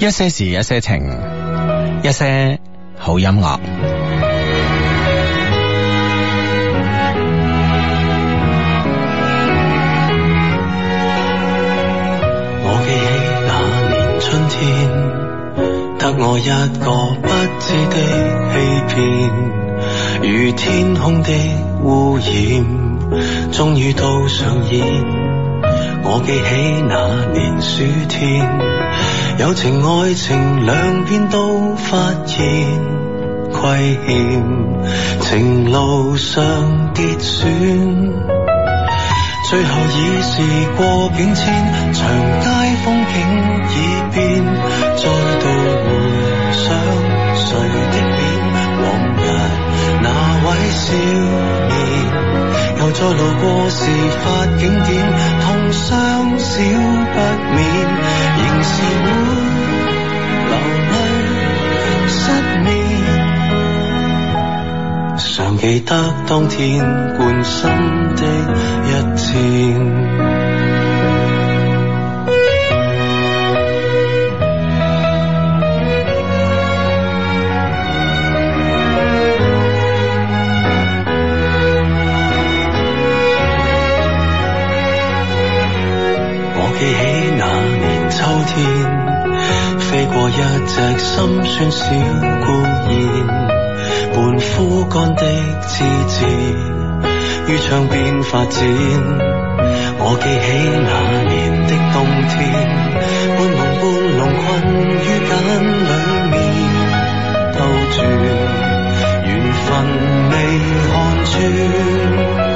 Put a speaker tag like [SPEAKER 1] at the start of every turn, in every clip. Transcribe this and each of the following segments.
[SPEAKER 1] 一些事，一些情，一些好音樂。我記起
[SPEAKER 2] 那年春天，得我一個不知的欺騙，如天空的污染，終於都上演。我記起那年暑天，友情愛情兩邊都發現虧欠，情路上跌損，最後已事過境遷，長街風景已變，再度回想誰的臉，往日那位笑。再路過事發景點，痛傷少不免，仍是會流淚失眠。常記得當天貫心的一箭。過一隻心酸小孤燕，半枯乾的枝節，於窗邊發展。我記起那年的冬天，半朦半朧困於繭裏面兜轉，緣分未看穿。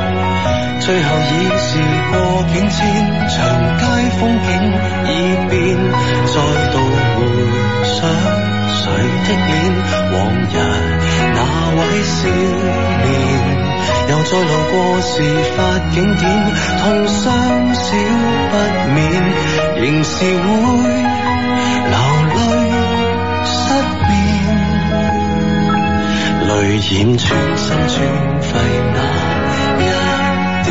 [SPEAKER 2] 最後已是過境遷，長街風景已變，再度回想誰的臉，往日那位少年，又再路過事發景點，痛傷少不免，仍是會流淚失眠，淚染全身穿心穿肺。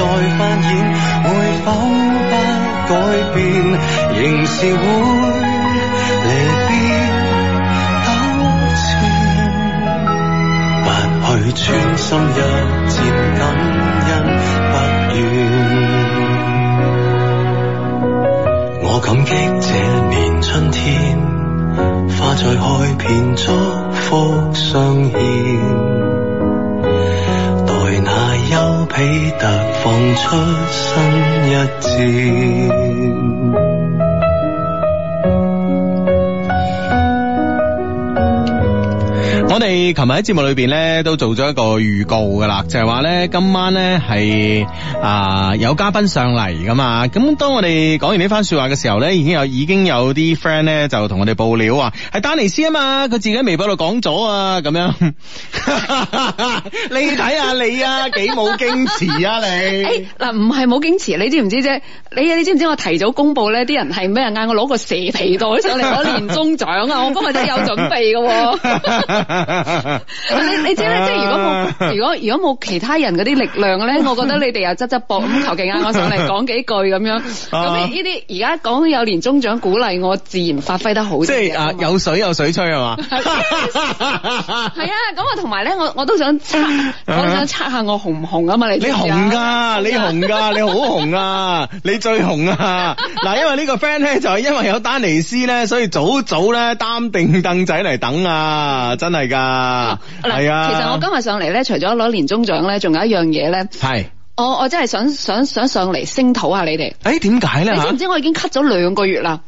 [SPEAKER 2] 再發現會否不改變？仍是會離別糾纏。不 去穿心一箭，感恩不怨。我感激這年春天，花再開遍，祝福相。出生日子。
[SPEAKER 1] 琴日喺節目裏邊咧都做咗一個預告噶啦，就係話咧今晚咧係啊有嘉賓上嚟噶嘛，咁當我哋講完呢番說話嘅時候咧，已經有已經有啲 friend 咧就同我哋報料啊，係丹尼斯啊嘛，佢自己喺微博度講咗啊咁樣，
[SPEAKER 3] 你睇下你啊幾冇矜持啊你，誒嗱唔係冇矜持，你知唔知啫？你你知唔知我提早公布呢啲人係咩？嗌我攞個蛇皮袋上嚟攞年終獎啊！ 我都係真係有準備噶。 你你知咧即係即係如果冇如果如果冇其他人嗰啲力量咧， 我覺得你哋又側側膊咁，求其嗌我上嚟講幾句咁樣。咁呢啲而家講有年終獎鼓勵我，自然發揮得好啲即
[SPEAKER 1] 係啊，有水有水吹啊嘛？
[SPEAKER 3] 係 啊，咁啊同埋咧，我我都想測，我想測下我紅唔紅啊嘛？你你紅噶，你紅噶，你，紅 你好
[SPEAKER 1] 紅啊，你最紅啊！嗱，因為呢個 friend 咧，就係因為有丹尼斯咧，所以早早咧擔定凳仔嚟等啊，真係噶。係、哦、啊，其實我今
[SPEAKER 3] 日上嚟咧，除咗攞年終獎咧，仲有一樣嘢咧，係我我真係想想想上嚟聲討下你哋。誒、
[SPEAKER 1] 欸，點解咧？你知唔知
[SPEAKER 3] 道我已經 cut 咗兩個月啦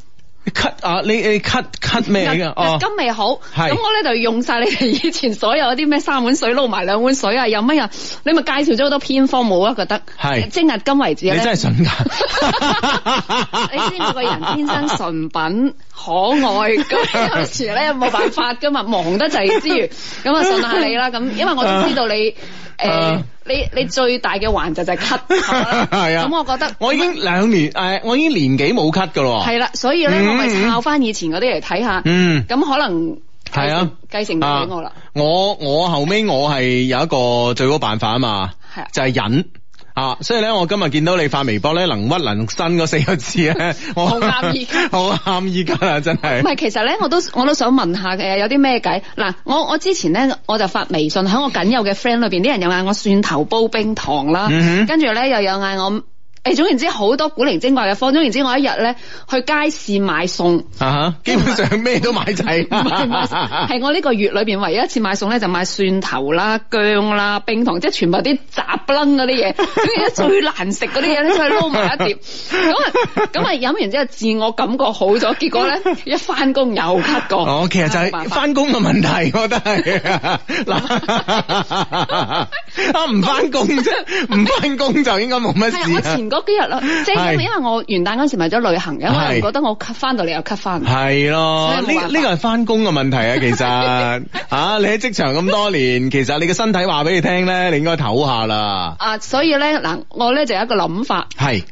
[SPEAKER 1] ？cut 啊，你你 cut cut 咩嘅？日金
[SPEAKER 3] 未好，咁、哦、我咧就用晒你哋以前所有啲咩三碗水撈埋兩碗水啊！有乜呀，你咪介紹咗好多偏方冇啊？我覺得係，即日金為止你真係純噶。 你先個人天生純品。可愛咁，有時咧冇辦法噶嘛， 忙得滯之餘咁啊順下你啦。咁因為我知道你誒 呃，你你最大嘅患就就咳係啊。咁、嗯、我覺得
[SPEAKER 1] 我已經兩年誒、 嗯，我已經年幾冇咳噶咯。係
[SPEAKER 3] 啦、啊，所以咧我咪抄翻以前嗰啲嚟睇下。嗯，咁可能係啊，繼承俾我啦、啊。
[SPEAKER 1] 我我後屘我係有一個最好辦法啊嘛，就係、係啊、忍。啊，所以咧，我今日見到你發微博咧，能屈能伸嗰四個字咧，我好啱意，好啱意啦真係。唔
[SPEAKER 3] 係，其實咧，我都我都想問下嘅，有啲咩計？嗱，我我之前咧，我就發微信喺我僅有嘅 friend 裏邊，啲人又嗌我蒜頭煲冰糖啦，跟住咧又有嗌我。誒，總言之好多古靈精怪嘅方。總言之我一日咧去街市買餸，啊，基本上咩都買齊。係、啊、我呢個月裏邊唯一一次買餸咧，就買蒜頭啦、姜啦、冰糖，即係全部啲雜楞嗰啲嘢。跟住咧最難食嗰啲嘢咧，就係撈埋一碟。咁啊咁啊飲完之後自我感覺好咗，結果咧一翻工又咳過。哦、
[SPEAKER 1] 啊，其、okay, 實、啊、就係翻工嘅問題，我覺得係嗱， 啊唔翻工啫，唔翻工就應該冇乜事。
[SPEAKER 3] 嗰幾日咯，即係因為我元旦嗰時咪咗旅行，可能覺得我吸翻到你又吸翻。係
[SPEAKER 1] 咯，呢呢、這個係翻工嘅問題啊，其實吓、 啊、你喺職場咁多年，其實你嘅身體話俾你聽咧，你應該唞下啦。
[SPEAKER 3] 啊，所以咧嗱，我咧就有一個諗法，係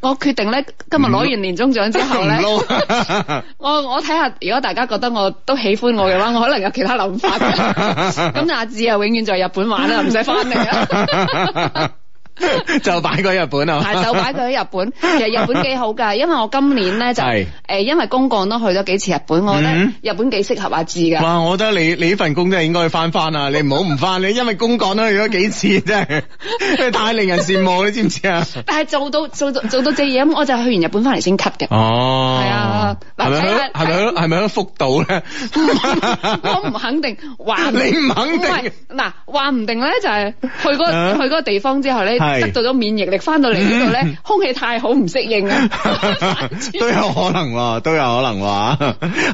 [SPEAKER 3] 我決定咧今日攞完年終獎之後咧 我我睇下如果大家覺得我都喜歡我嘅話，我可能有其他諗法。咁 阿智啊，永遠在日本玩啦，唔使翻嚟啦
[SPEAKER 1] 就擺佢喺日本咯， 就擺佢
[SPEAKER 3] 喺日本。其實日本幾好噶，因為我今年咧就誒、呃，因為公幹都去咗幾次日本，我覺得日本幾適合阿志噶。哇、
[SPEAKER 1] 嗯，我覺得你你呢份工真係應該翻翻啊。你唔好唔翻。你因為公幹都去咗幾次，真係 太令人羨慕，你知唔知啊？ 但係做
[SPEAKER 3] 到做到做到隻嘢咁，我就去完日本翻嚟先 cut 嘅。
[SPEAKER 1] 哦，係啊，係咪啊？係咪啊？係咪喺福島咧？
[SPEAKER 3] 我唔肯定，話你唔肯定。嗱，話唔定咧、那個，就 係去個去個地方之後咧。係得到咗免疫力，翻到嚟呢度咧，空氣太好唔適應啦 啊，
[SPEAKER 1] 都有可能，都有可能話。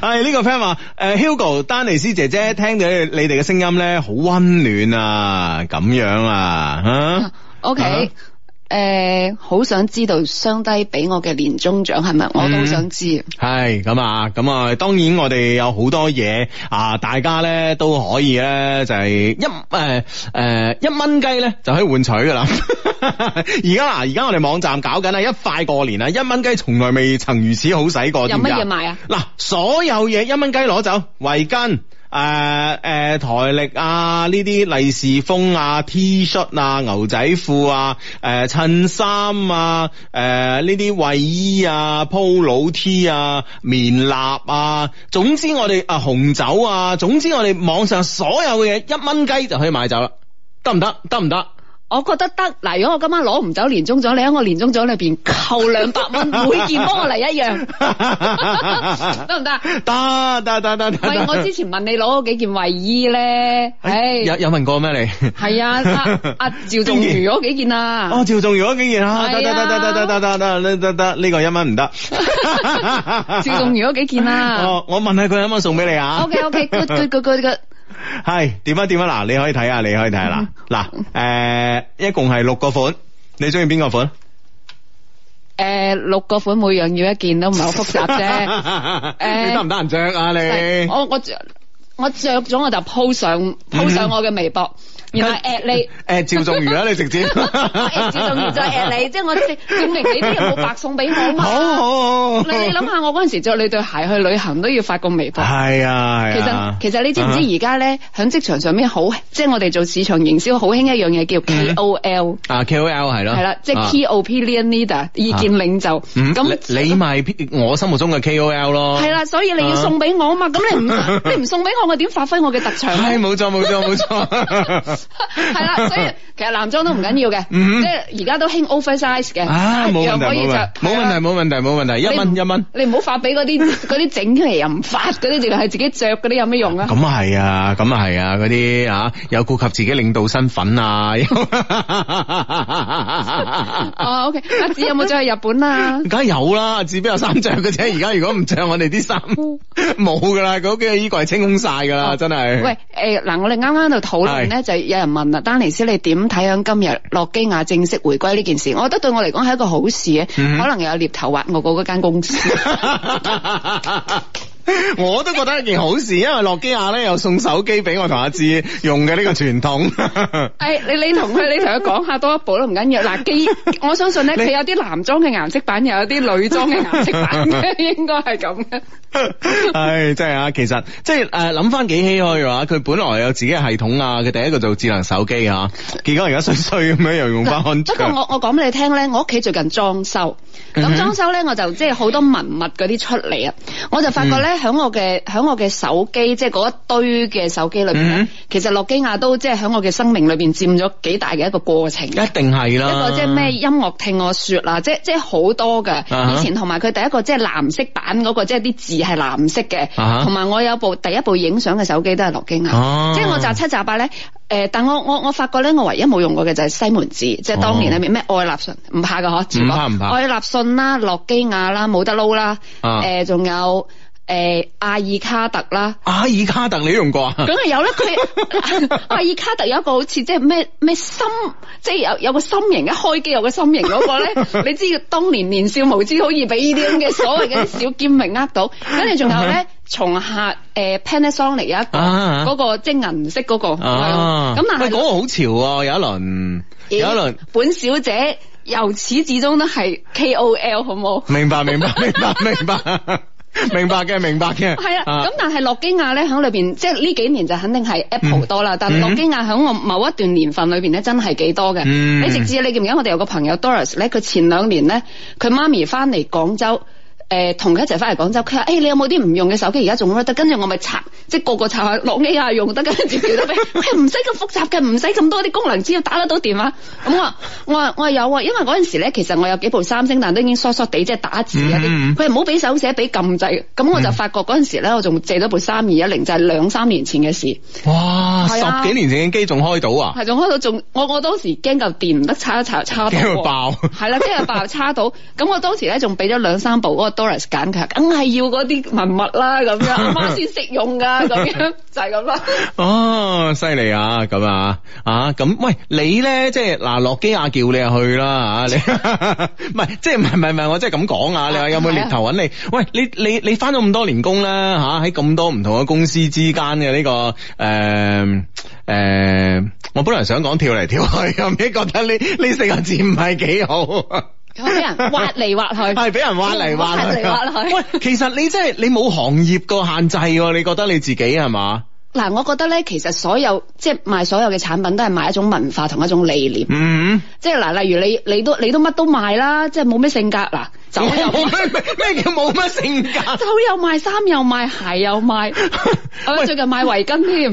[SPEAKER 1] 係呢個 friend 話，誒，Hugo 丹尼斯姐姐，聽到你哋嘅聲音咧，好溫暖啊，咁樣啊，吓。 OK。 okay.
[SPEAKER 3] 誒、呃，好想知道雙低俾我嘅年終獎係咪？我都好想知。
[SPEAKER 1] 係咁啊，咁啊，當然我哋有好多嘢啊，大家咧都可以咧就係一誒誒、呃、一蚊雞咧就可以換取噶啦。而家嗱，而家我哋網站搞緊啊，一塊過年啊，一蚊雞從來未曾如此好使過。有乜嘢賣啊？嗱，所有嘢一蚊雞攞走圍巾。誒、呃、誒、呃，台曆啊，呢啲利是封啊，T 恤啊，牛仔褲啊，誒、呃，襯衫啊，誒、呃，呢啲衛衣啊，POLO T 啊，棉衲啊，總之我哋啊、呃、紅酒啊，總之我哋網上所有嘅嘢一蚊雞就可以買走啦，得唔得？得唔得？
[SPEAKER 3] 我覺得得，嗱，如果我今晚攞唔走年終獎，你喺我年終獎裏邊扣兩百蚊， 每件幫我嚟一
[SPEAKER 1] 樣，
[SPEAKER 3] 得唔得？得得得得得。喂， 我之前問你攞咗幾件衛衣咧，唉、哎嗯哎，有
[SPEAKER 1] 有問過咩你？係啊， 啊，阿
[SPEAKER 3] 阿趙仲如嗰幾件啊。哦，趙
[SPEAKER 1] 仲如嗰幾件啊，得得得得得得得得得得，呢個一蚊唔得。
[SPEAKER 3] 趙仲如嗰幾件啊。
[SPEAKER 1] 件啊 uh, 我問下佢一蚊送俾你啊。O K O K，g 係，點樣點樣。嗱，你可以睇下，你可以睇下。嗱、嗯、嗱，誒、呃，一共係六個款，你中意邊個款？
[SPEAKER 3] 誒、呃，六個款每樣要一件都唔係好複雜啫。誒、 呃，你得唔得人着啊你？我我我着咗我就鋪上鋪上我嘅微博。嗯原來 at 你，at 趙仲
[SPEAKER 1] 如啦，你直接，at 趙仲如再 at 你，即係我證明你啲有冇
[SPEAKER 3] 白送俾我啊嘛。好好好，你你諗下，我嗰陣時着你對鞋去旅行都要發個微博。係啊，其實其實你知唔知而家咧響職場上面好，即係我哋做市場營銷好興一樣嘢叫 K O L
[SPEAKER 1] 啊 K O L 係咯，係啦，即係
[SPEAKER 3] K O P leader 意見領袖。咁
[SPEAKER 1] 你咪我心目中嘅 K O L 咯。係啦，所以你要送
[SPEAKER 3] 俾我啊嘛，咁你唔你唔送俾我，我點發揮我嘅特長？係冇錯冇錯冇錯。係 啦，所以其實男裝都唔緊要嘅，即係而家都興 oversize 嘅，冇、啊、可以就冇
[SPEAKER 1] 問題冇問題冇問題，一蚊一蚊，
[SPEAKER 3] 你唔好發俾嗰啲啲整嚟又唔發嗰啲，仲係自己着嗰啲有咩用啊？咁啊
[SPEAKER 1] 係啊，咁啊係啊，嗰啲啊，啊有顧及自己領導身份啊。 哦，O
[SPEAKER 3] K，阿子有冇着去日本啊？梗
[SPEAKER 1] 係有啦，邊有衫着嘅啫。而家如果唔着我哋啲衫，冇噶啦，佢屋企依個衣清空晒噶啦，真係。喂，
[SPEAKER 3] 誒、呃、嗱，我哋啱啱度討論咧，就。有人問啦，丹尼斯，你點睇響今日諾基亞正式回歸呢件事？我覺得對我嚟講係一個好事嘅，mm -hmm. 可能有獵頭挖我個嗰間公司。 我都覺得係件好事，因為諾
[SPEAKER 1] 基亞咧又送手機俾我同阿志用嘅呢個傳統。
[SPEAKER 3] 誒、 哎，你你同佢，你同佢講下多一步都唔緊要。嗱，機，我相信咧佢有啲男裝嘅顏色版，又有啲女裝嘅顏色版， 應該係咁
[SPEAKER 1] 嘅。係真係啊，其實即係誒諗翻幾唏噓啊！佢、就是呃、本來有自己嘅系統啊，佢第一個做智能手機啊，結果而家衰衰咁樣又用翻安卓。不過我
[SPEAKER 3] 我講俾你聽咧，我屋企最近裝修，咁裝修咧我就即係好多文物嗰啲出嚟啊，我就發覺咧。嗯喺我嘅，喺我嘅手機，即係嗰一堆嘅手機裏邊，嗯，其實諾基亞都即係喺我嘅生命裏邊佔咗幾大嘅一個過程，一
[SPEAKER 1] 定係啦。一個即係
[SPEAKER 3] 咩音樂聽我說啦，即係即係好多嘅。Uh -huh? 以前同埋佢第一個即係藍色版嗰，那個，即係啲字係藍色嘅。同、uh、埋 -huh? 我有部第一部影相嘅手機都係諾基亞，uh -huh? 即係我集七集八咧。誒、呃，但我我我發覺咧，我唯一冇用過嘅就係西門子，即、就、係、是、當年係咩、uh -huh. 愛立信，唔怕噶嗬，唔怕唔怕，愛立信啦，諾基亞啦，冇得撈啦。誒、呃，仲、uh -huh. 有。誒、呃，阿爾卡特啦，阿、啊、爾
[SPEAKER 1] 卡特你用過啊？梗
[SPEAKER 3] 係有啦，佢、啊、 阿爾卡特有一個好似即係咩咩心，即、就、係、是、有有個心形一開機有個心形嗰個咧， 你知當年年少無知，可以俾呢啲咁嘅所謂嘅小劍明呃到，跟住仲有咧，松、啊、下誒 Panasonic、呃、有一個嗰、啊那個即係銀色嗰、那個，咁、啊、但係嗰、那個
[SPEAKER 1] 好潮啊！有一輪、欸，有一輪，
[SPEAKER 3] 本小姐由始至終都係 K O L，好唔好？
[SPEAKER 1] 明白，明白，明白，明白。 明白嘅，明白嘅。係啦、啊，咁、啊、
[SPEAKER 3] 但係諾基亞咧喺裏邊，即係呢幾年就肯定係 Apple 多啦、嗯。但係諾基亞喺我某一段年份裏邊咧、嗯，真係幾多嘅、嗯。你直至你記唔記得我哋有個朋友 Doris 咧，佢前兩年咧，佢媽咪翻嚟廣州。誒、呃，同佢一齊翻嚟廣州，佢話誒，你有冇啲唔用嘅手機？而家仲開得？跟住我咪拆，即係個個拆下攞起啊，下用得。跟住叫得俾，唔使咁複雜嘅，唔使咁多啲功能，只要打得到電話。咁我我我係有啊，因為嗰陣時咧,其實我有幾部三星，但都已經疏疏哋，即係打字啊啲。佢唔好俾手寫，俾撳掣。咁我就發覺嗰陣時咧，我仲借咗部三二一零，就係兩三年前嘅事。
[SPEAKER 1] 哇、啊，十幾年前嘅機仲開到啊？係
[SPEAKER 3] 仲、啊、開到，仲我我當時驚夠電唔得，插一插插得。驚爆。係啦、啊，驚、即係、爆叉到。咁 我當時咧仲俾咗兩三部
[SPEAKER 1] Doris 揀㗎，梗係要嗰啲文物啦，咁、就是、樣阿媽先識用㗎，咁樣就係咁啦。哦，犀利啊，咁啊，啊，咁喂，你咧即係嗱，諾基亞叫你啊去啦，吓你，唔係即係唔係唔係，我即係咁講啊，你話有冇獵頭揾你？喂，你、就是啊、你你返咗咁多年工啦，喺、啊、咁多唔同嘅公司之間嘅呢、這個誒誒、呃呃，我本來想講跳嚟跳去，後尾覺得你呢四個字唔係幾好。
[SPEAKER 3] 咁俾人挖
[SPEAKER 1] 嚟挖去，係 俾人挖嚟挖去，挖嚟挖去。喂，其實你真係你冇行業個限制， 你覺得你自己係嘛？
[SPEAKER 3] 嗱，我覺得咧，其實所有即係賣所有嘅產品都係賣一種文化同一種理念。嗯，即係嗱，例如你你都你都乜都賣啦，即係冇咩性格啦。就
[SPEAKER 1] 又
[SPEAKER 3] 咩叫冇乜性格？就 又賣衫又，又賣鞋又賣，我最近賣圍巾添。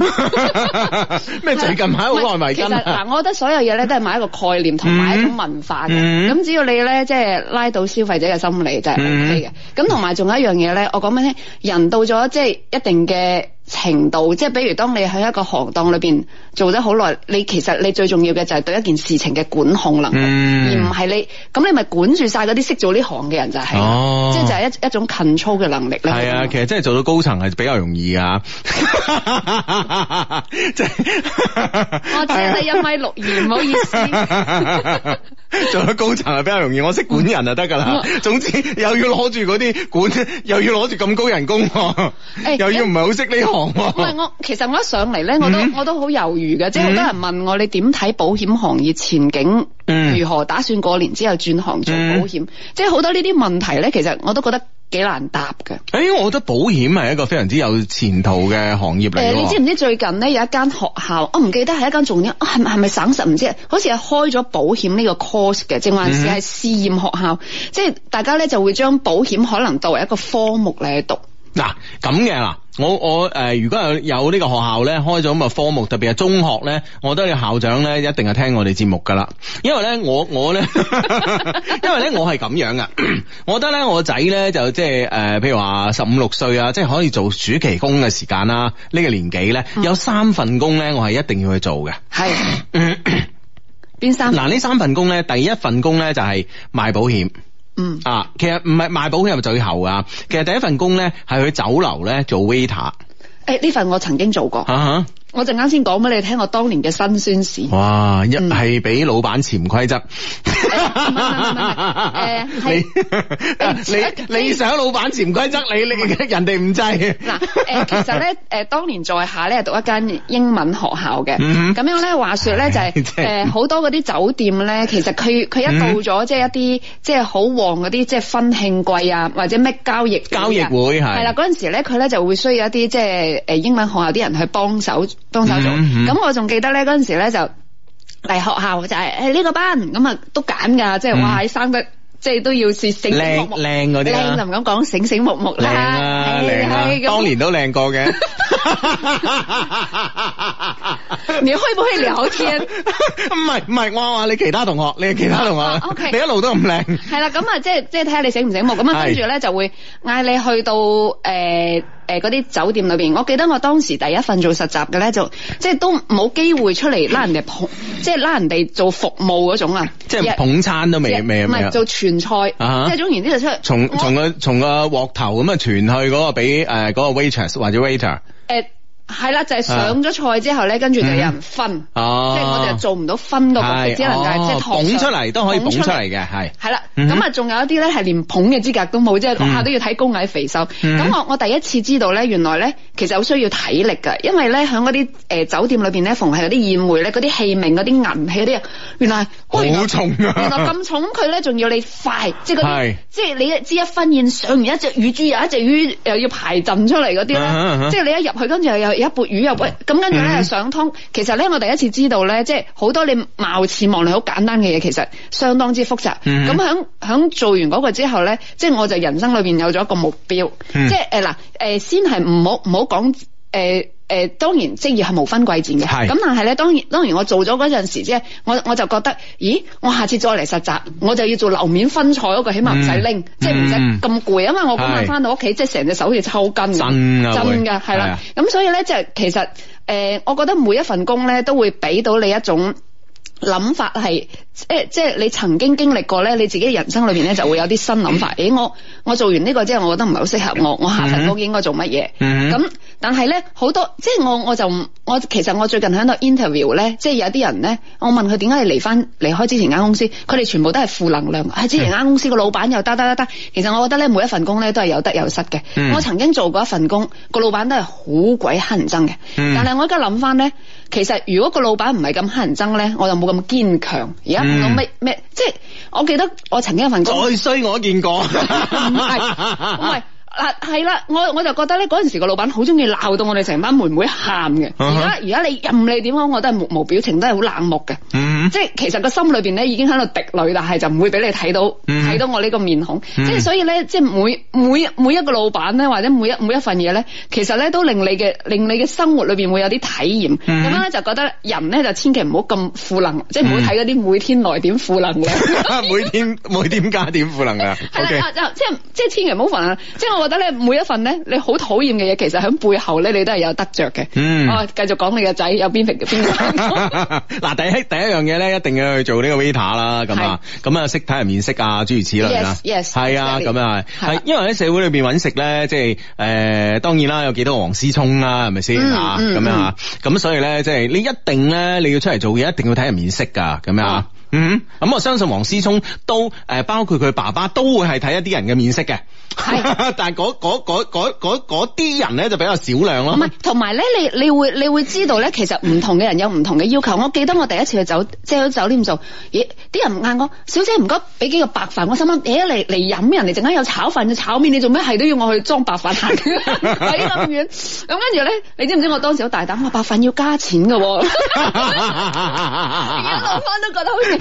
[SPEAKER 4] 咩最近買好耐圍巾其實，嗱，
[SPEAKER 3] 我覺得所有嘢咧都係買一個概念同埋一種文化嘅，咁、嗯、只要你咧即係拉到消費者嘅心理就係 OK 嘅。咁同埋仲有一樣嘢咧，我講俾你聽，人到咗即係一定嘅程度，即係比如當你喺一個行當裏邊做得好耐，你其實你最重要嘅就係對一件事情嘅管控能力，嗯、而唔係你咁你咪管住晒嗰啲識做呢行。嘅人就係、是，即、哦、係就係、是、一一種近操嘅能力咧。係、哦、啊，
[SPEAKER 1] 其實真係做到高層係比較容易嘅吓。
[SPEAKER 3] 我只係一米六二，唔好意
[SPEAKER 1] 思。 做到高層係比較容易，我識管人就得噶啦。總之又要攞住嗰啲管，又要攞住咁高人工，誒、欸，又要唔係好識呢行。唔係
[SPEAKER 3] 我，其實我一上嚟咧，我都、嗯、我都好猶豫嘅，即係好多人問我你點睇保險行業前景？嗯、如何打算過年之後轉行做保險、嗯？即係好多呢啲問題咧，其實我都覺得幾難答嘅。
[SPEAKER 1] 誒、欸，我覺得保險係一個非常之有前途嘅行業嚟。你知唔
[SPEAKER 3] 知最近咧有一間學校，我唔記得係一間重點係係咪省實唔知，好似係開咗保險呢個 course 嘅，正話還是係試驗學校，嗯、即係大家咧就會將保險可能作為一個科目嚟讀。
[SPEAKER 1] 嗱咁嘅啦，我我誒、呃，如果有有呢個學校咧開咗咁嘅科目，特別係中學咧，我覺得校長咧一定係聽我哋節目噶啦。因為咧，我我咧， 因為咧，我係咁樣噶。 我覺得咧，我仔咧就即係誒，譬、呃、如話十五六歲啊，即係可以做暑期工嘅時間啦。呢、這個年紀咧、嗯，有三份工咧，我係一定要去做嘅。係，嗯， 邊 三？嗱，呢三份工咧，第一份工咧就係賣保險。嗯啊，其實唔係賣保險係咪最後啊，其實第一份工咧係去酒樓咧做 waiter、
[SPEAKER 3] 欸。誒，呢份我曾經做過。啊啊我陣間先講俾你聽我當年嘅辛酸史。
[SPEAKER 1] 哇，一係俾老闆潛規則。
[SPEAKER 3] 誒、嗯 哎哎，
[SPEAKER 1] 你你你,你,你,你,你想老闆潛規則你 你人哋唔制。嗱，
[SPEAKER 3] 誒，其實咧，誒，當年在下咧係讀一間英文學校嘅，咁樣咧，話說咧就係、是，誒，好多嗰啲酒店咧，其實佢佢一到咗、mm -hmm. 即係一啲即係好旺嗰啲即係婚慶季啊，或者咩交易交易會係。係啦，嗰陣時咧佢咧就會需要一啲即係誒英文學校啲人去幫手。當手做，咁我仲記得咧，嗰陣時咧就嚟，學校就係喺呢個班，咁啊都揀噶，即係哇喺生得即係都要是醒醒目目靚靚嗰啲，靚林咁講醒醒目目靚啊，靚當年都靚過嘅。你可唔可以聊天？唔係唔係，
[SPEAKER 1] 我話你其他同學，你係其他同學，你一路都唔靚。
[SPEAKER 3] 係啦，咁啊，即係即係睇下你醒唔醒目，咁啊跟住咧就會嗌你去到誒。誒、呃，嗰啲酒店裏邊，我記得我當時第一份做實習嘅咧，就即係都冇機會出嚟拉人哋捧， 即係拉人哋做服務嗰種啊，即係捧餐都未未唔係，做傳菜，uh -huh. 即係總之就出，從
[SPEAKER 1] 從個從個鑊頭咁啊傳去嗰個俾誒嗰個 waitress 或者 waiter。
[SPEAKER 3] 呃係啦，就係、是、上咗菜之後咧，跟、嗯、住就有人分，
[SPEAKER 1] 嗯哦、即係我就做
[SPEAKER 3] 唔到分嗰個、嗯，只能係即係捧出嚟都可以出出、嗯、捧出嚟嘅，係係啦。咁啊，仲有一啲咧係連捧嘅資格都冇，即係講下都要睇高矮肥瘦。咁、嗯、我我第一次知道咧，原來咧其實好需要體力噶，因為咧響嗰啲誒酒店裏邊咧，逢係嗰啲宴會咧，嗰啲器皿、嗰啲銀器、嗰啲，原來好重啊原！原來咁重，佢咧仲要你快，即係嗰啲，即係你，你知一分宴上完一隻乳豬，又一隻魚又要排陣出嚟嗰啲咧，即係你一入去跟住又有。一撥魚又喂，咁跟住咧上通、嗯，其實咧我第一次知道咧，即係好多你貌似望嚟好簡單嘅嘢，其實相當之複雜。咁響響做完嗰個之後咧，即係我就人生裏邊有咗一個目標，即係誒嗱，誒、即係、先係唔好唔好講。誒、呃、誒、呃，當然職業係無分貴賤嘅，咁但係咧，當然當然我做咗嗰陣時候，即係我我就覺得，咦，我下次再嚟實習，我就要做樓面分菜嗰、嗰個，起碼唔使拎，即係唔使咁攰，因為我嗰晚翻到屋企，即係成隻手要抽筋的，真噶真噶，係啦，咁所以咧，即係其實誒、呃，我覺得每一份工咧，都會俾到你一種諗法係。嗯、即即係你曾經經歷過咧，你自己人生裏邊咧就會有啲新諗法。誒， 欸、我我做完呢個之後我覺得唔係好適合我，我下份工應該做乜嘢？咁、 嗯、但係咧好多即係我我就我其實我最近喺度 interview 咧，即係有啲人咧，我問佢點解嚟翻離開之前間公司，佢哋全部都係負能量。係、嗯哎、之前間公司個老闆又得得得得。其實我覺得咧每一份工咧都係有得有失嘅。嗯、我曾經做過一份工，個老闆都係好鬼乞人憎嘅。但係我而家諗翻咧，其實如果個老闆唔係咁乞人憎咧，我就冇咁堅強唔咩咩，即係我記得我曾經有份工再
[SPEAKER 1] 衰我都見過。唔係唔係。
[SPEAKER 3] 嗱、啊、係啦，我我就覺得咧嗰陣時個老闆好中意鬧到我哋成班妹妹喊嘅。而家而家你任你點講，我都係目無表情，都係好冷漠嘅、嗯。即係其實個心裏邊咧已經喺度滴淚，但係就唔會俾你睇到睇、嗯、到我呢個面孔。嗯、即係所以咧，即係每每每一個老闆咧，或者每一每一份嘢咧，其實咧都令你嘅令你嘅生活裏邊會有啲體驗。咁、嗯、咧就覺得人咧就千祈唔好咁負能，嗯、即係唔好睇嗰啲每天來點負能嘅
[SPEAKER 1] 每天每天加點負能嘅。係 啦，即
[SPEAKER 3] 係即係千祈唔好煩啊！即係我。 我覺得咧每一份咧，你好討厭嘅嘢，其實喺背後咧，你都係有得着嘅。嗯，啊、哦，繼續講你個仔有邊邊。
[SPEAKER 1] 嗱， 第一第一樣嘢咧，一定要去做呢個 waiter 啦，咁啊，咁啊，識睇人面色啊，諸如此類啦。Yes, yes。係啊，咁、exactly. 啊，係，因為喺社會裏邊揾食咧，即係誒、呃，當然啦，有幾多黃思聰啦，係咪先吓？咁、嗯嗯、樣啊，咁所以咧，即係你一定咧，你要出嚟做嘢，一定要睇人面色噶，咁、嗯、樣。嗯，咁我相信黃思聰都誒，包括佢爸爸都會係睇一啲人嘅面色嘅。係， 但係嗰、嗰啲人咧就比較少量咯。唔
[SPEAKER 3] 係，同埋咧，你你會你會知道咧，其實唔同嘅人有唔同嘅要求。我記得我第一次去酒即係酒店做，咦，啲人唔嗌，我小姐唔該，俾幾個白飯，我心諗，嚟嚟飲人哋陣間有炒飯就炒麵，你做咩係都要我去裝白飯？咁跟住咧，你知唔知我當時好大膽？我白飯要加錢噶喎。而 都覺得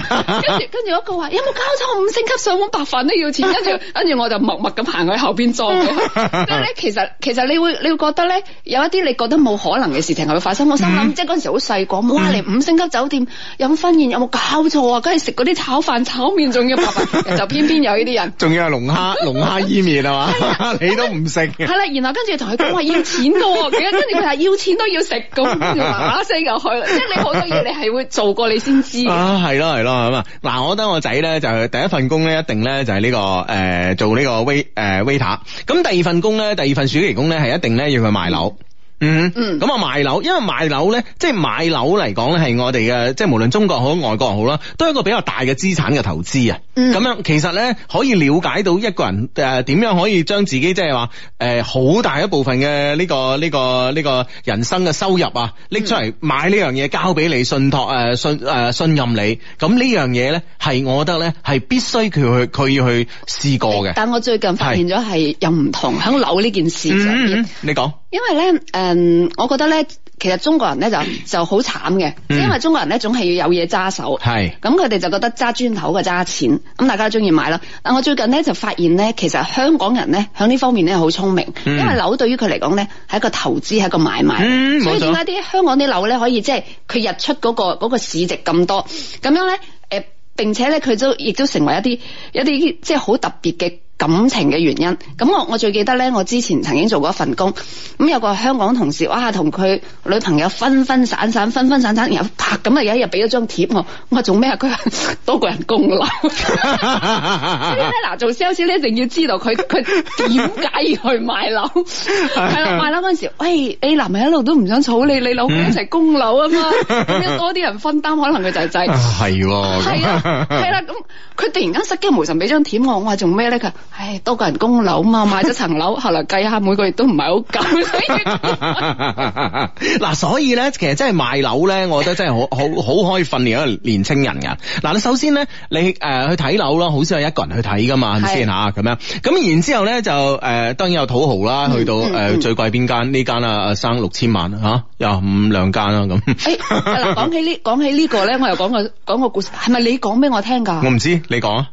[SPEAKER 3] 好 跟住跟住嗰個話有冇搞錯？五星級上碗白飯都要錢？ 跟住跟住我就默默咁行去後邊裝嘅。咁 咧其實其實你會你會覺得咧，有一啲你覺得冇可能嘅事情係會發生。嗯、我心諗，即係嗰陣時好細個，哇，你五星級酒店飲婚宴有冇搞錯啊？跟住食嗰啲炒飯炒麵仲要白飯， 就偏偏有呢啲人。仲要係龍蝦龍蝦伊
[SPEAKER 1] 麵係嘛？ 你都唔食。係
[SPEAKER 3] 啦，然後跟住同佢講話要錢咯，跟住佢話要錢都要食，咁跟住嗱聲入去啦。 即係你好多嘢你係會做過你先知。 啊，
[SPEAKER 1] 係咯係咯。啊、哦，嗱，我覺得我仔咧就第一份工咧一定咧就係呢個誒、呃、做呢個 wait 誒 waiter，咁第二份工咧第二份暑期工咧係一定咧要去賣樓。嗯嗯，咁啊賣樓，因為賣樓咧，即係賣樓嚟講咧，係我哋嘅，即係無論中國好外國好啦，都係一個比較大嘅資產嘅投資啊。咁、嗯、樣其實咧，可以了解到一個人誒點、呃、樣可以將自己即係話誒好大一部分嘅呢、這個呢、這個呢、這個人生嘅收入啊，拎出嚟買呢樣嘢交俾你信託誒信誒、呃、信任你。咁呢樣嘢咧係我覺得咧係必須佢去佢要去試過嘅。
[SPEAKER 3] 但我最近發現咗係又唔同喺樓呢件事上、嗯、你講，因為咧誒。呃嗯，我覺得咧，其實中國人咧就就好慘嘅，因為中國人咧總係要有嘢揸手，係，咁佢哋就覺得揸磚頭嘅揸錢，咁大家都中意買啦。但我最近咧就發現咧，其實香港人咧喺呢方面咧好聰明，嗯，因為樓對於佢嚟講咧係一個投資，係一個買賣，嗯，所以點解啲香港啲樓咧可以即係佢日出嗰個嗰個市值咁多，咁樣咧，誒，並且咧佢都亦都成為一啲一啲即係好特別嘅。感情嘅原因，咁我我最記得咧，我之前曾經做過一份工，咁有個香港同事，哇、啊，同佢女朋友分分散散，分分散散，然後啪，咁啊有一日俾咗張帖我，我話做咩啊？佢話多個人供樓。嗱， 做 sales 你一定要知道佢佢點解要去買樓，係 啦、 啊，買樓嗰陣時候，喂，A 男係一路都唔想儲你，你老公一齊供樓啊嘛，嗯、 多啲人分擔，可能佢就係、是、仔。係，係啊，
[SPEAKER 1] 係啦、啊，咁
[SPEAKER 3] 佢 突然間失驚無神俾張帖我，我話做咩咧？佢。 唉，多個人供樓嘛，買咗層樓，後來計下每個月都唔係好夠。
[SPEAKER 1] 嗱、 啊，所以咧，其實真係賣樓咧，我覺得真係好好好可以訓練一個年青人噶。嗱、啊，你首先咧，你、呃、誒去睇樓咯，好少係一個人去睇噶嘛，係咪先吓？咁樣，咁、啊、然之後咧就誒、呃，當然有土豪啦，嗯、去到誒、嗯呃、最貴邊間呢間啊，生六千萬吓，又、啊、五兩間啦咁。誒、哎、嗱、呃，講
[SPEAKER 3] 起呢 講起這個呢個咧，我又講個講個故事，係 咪你講俾我聽噶？我唔
[SPEAKER 1] 知道，你講啊。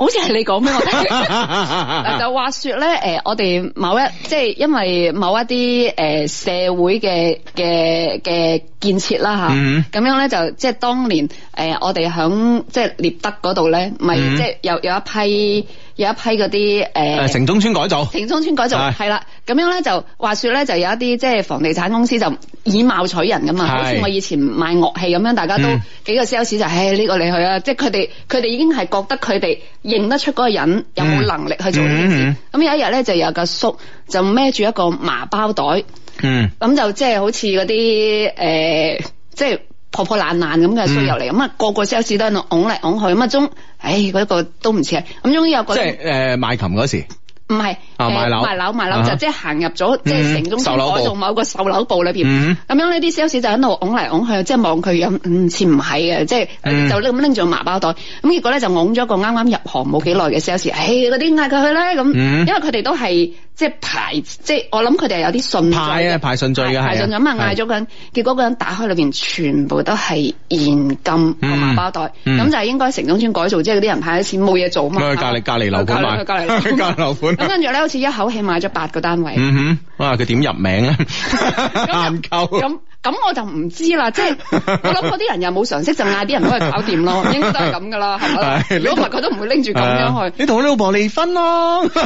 [SPEAKER 3] 好似係你講俾我聽， 就話說咧，誒，我哋某一即係因為某一啲誒社會嘅嘅嘅建設啦吓，咁、嗯、樣咧就即係當年誒我哋響即係獵德嗰度咧，咪即係有有一批。有一批嗰啲誒城
[SPEAKER 1] 中村改造，
[SPEAKER 3] 城中村改造係啦，咁樣咧就話說咧就有一啲即係房地產公司就以貌取人噶嘛，好似我以前賣樂器咁樣，大家都、嗯、幾個 sales 就係、係、呢、哎呢個你去啊，即係佢哋佢哋已經係覺得佢哋認得出嗰個人有冇能力去做
[SPEAKER 4] 呢件事，
[SPEAKER 3] 咁、嗯嗯、有一日咧就有個叔就孭住一個麻包袋，咁、嗯、就好似嗰啲、呃、即係好似嗰啲誒即係。破破爛爛咁嘅輸入嚟，咁啊個個 sales 都喺度拱嚟拱去，咁啊終，唉嗰個、那個都唔似嘅，咁終於有個即
[SPEAKER 1] 係誒賣琴嗰時，
[SPEAKER 3] 唔係、哦、賣樓賣樓賣樓就即、是、係、就是、行入咗即係城中改做某個售樓部裏邊，咁、嗯、樣呢啲 sales 就喺度拱嚟拱去，即係望佢有唔似唔係嘅，即係、嗯、就拎咁拎住麻包袋，咁結果咧就拱咗個啱啱入行冇幾耐嘅 sales，唉嗰啲嗌佢去啦咁、嗯、因為佢哋都係。即係排，即係我諗佢哋有啲順序。
[SPEAKER 1] 排啊，排順序嘅係。排順咁啊，嗌
[SPEAKER 3] 咗緊，人、啊，結果個人打開裏邊全部都係現金麻包袋，咁、嗯嗯、就係應該城中村改造，即係嗰啲人派咗錢冇嘢做啊嘛。啊隔籬隔籬
[SPEAKER 1] 樓盤買，隔籬樓盤。咁
[SPEAKER 3] 跟住咧，好似一口氣買咗八個單位。嗯
[SPEAKER 1] 哼哇，佢點入名咧？限購咁。
[SPEAKER 3] 咁我就唔知啦，即係我諗嗰啲人又冇常識，就嗌啲人攞去搞掂咯，應該都係咁噶啦，係咪？老婆佢都唔會拎住咁樣去。你同你老婆離婚咯？
[SPEAKER 1] 跟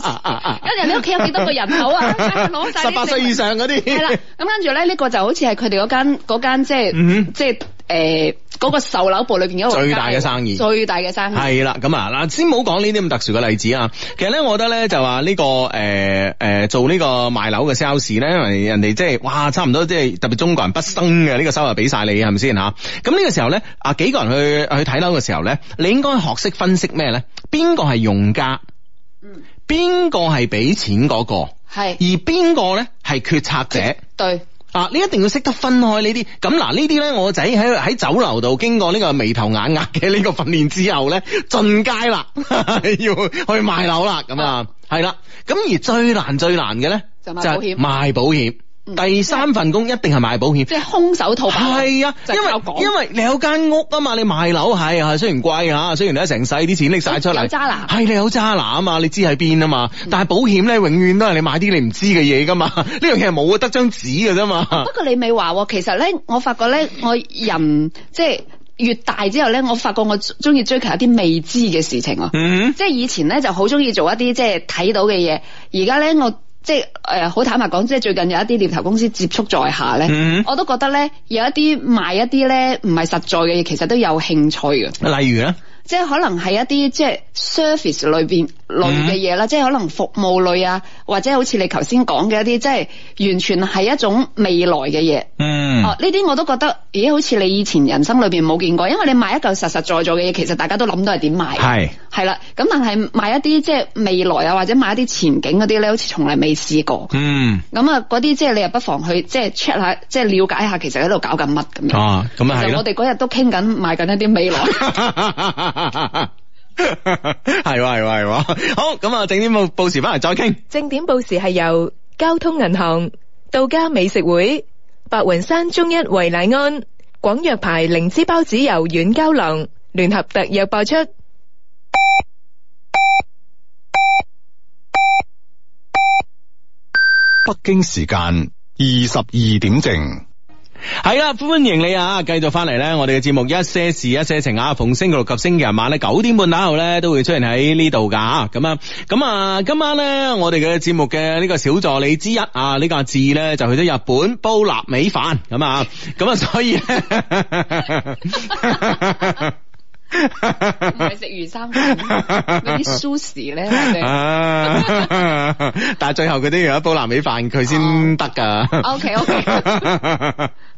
[SPEAKER 3] 住你屋企有幾多個人口啊？攞晒十八歲以上啲。係啦，咁跟住咧呢個就好似係佢哋嗰間嗰間即係，即係。嗯，即係。誒、呃，嗰、那個售樓部裏邊有個最大嘅生意，最大嘅生
[SPEAKER 1] 意係啦。咁啊，嗱，先唔好講呢啲咁特殊嘅例子啊。 其實咧，我覺得咧就話呢、這個誒誒、呃，做呢個賣樓嘅 sales 咧，因為人哋即係哇，差唔多即、就、係、是、特別中國人不生嘅呢、這個收入俾晒你，係咪先吓？咁呢個時候咧啊，幾個人去去睇樓嘅時候咧，你應該學識分析咩咧？邊個係用家？嗯，邊個係俾錢嗰、那個？係。而邊個咧係決策者？對。啊！你一定要識得分開呢啲咁嗱，呢啲咧我仔喺喺酒樓度經過呢個眉頭眼額嘅呢個訓練之後咧，進階啦， 要去賣樓啦，咁 啊這樣，係 啦，咁而最難最難嘅咧就係賣保險。就是第三份工一定係賣保險，嗯，
[SPEAKER 3] 即係空手套白。係啊，就是，因為因為
[SPEAKER 1] 你有間屋啊嘛，你買樓係啊，雖然貴吓，雖然你一成世啲錢拎晒出嚟，欸。有渣係你有渣男啊嘛，你知喺邊啊嘛。嗯，但係保險咧，永遠都係你買啲你唔知嘅嘢噶嘛。呢樣嘢係冇得張紙嘅啫嘛。不過
[SPEAKER 3] 你未話，其實咧，我發覺咧，我人即係 越大之後咧，我發覺我中意追求一啲未知嘅事情。啊，嗯。即、就、係、是，以前咧就好中意做一啲即係睇到嘅嘢，而家咧我。即係誒，好坦白講，即係最近有一啲獵頭公司接觸在下咧，嗯，我都覺得咧有一啲賣一啲咧唔係實在嘅嘢，其實都有興趣嘅。例如咧。即係可能係一啲即係 service 裏邊類嘅嘢啦，即係可能服務類啊，或者好似你頭先講嘅一啲即係完全係一種未來嘅嘢。嗯，哦呢啲我都覺得，咦好似你以前人生裏邊冇見過，因為你買一嚿實實在在嘅嘢，其實大家都諗到係點買，係係啦。咁但係買一啲即係未來啊，或者買一啲前景嗰啲咧，好似從嚟未試過。嗯，咁啊嗰啲即係你又不妨去即係 check 下，即係了解一下，其實喺度搞緊乜咁
[SPEAKER 4] 樣。咁啊係我
[SPEAKER 3] 哋嗰日都傾緊賣緊一啲未來。
[SPEAKER 1] 係係係，好咁啊！正點報報時翻嚟再傾。
[SPEAKER 3] 正點報時係由交通銀行、道家美食會、白雲山中一維奶安、廣藥牌靈芝包子、油軟膠囊聯合特約播出。
[SPEAKER 1] 北京時間二十二點正。係啦，歡迎你啊！繼續翻嚟咧，我哋嘅節目一些事一些情啊，逢星期六及星、星期日晚咧九點半打後咧都會出現喺呢度噶咁啊，咁啊，啊，今晚咧我哋嘅節目嘅呢個小助理之一啊，這個、字呢個阿志咧就去咗日本煲臘味飯咁啊，咁啊，所以食 魚生嗰啲
[SPEAKER 3] sushi 咧， 啊、
[SPEAKER 1] 但係最後佢都要有一煲臘味飯佢先得噶。O K O K。Oh. Okay, okay.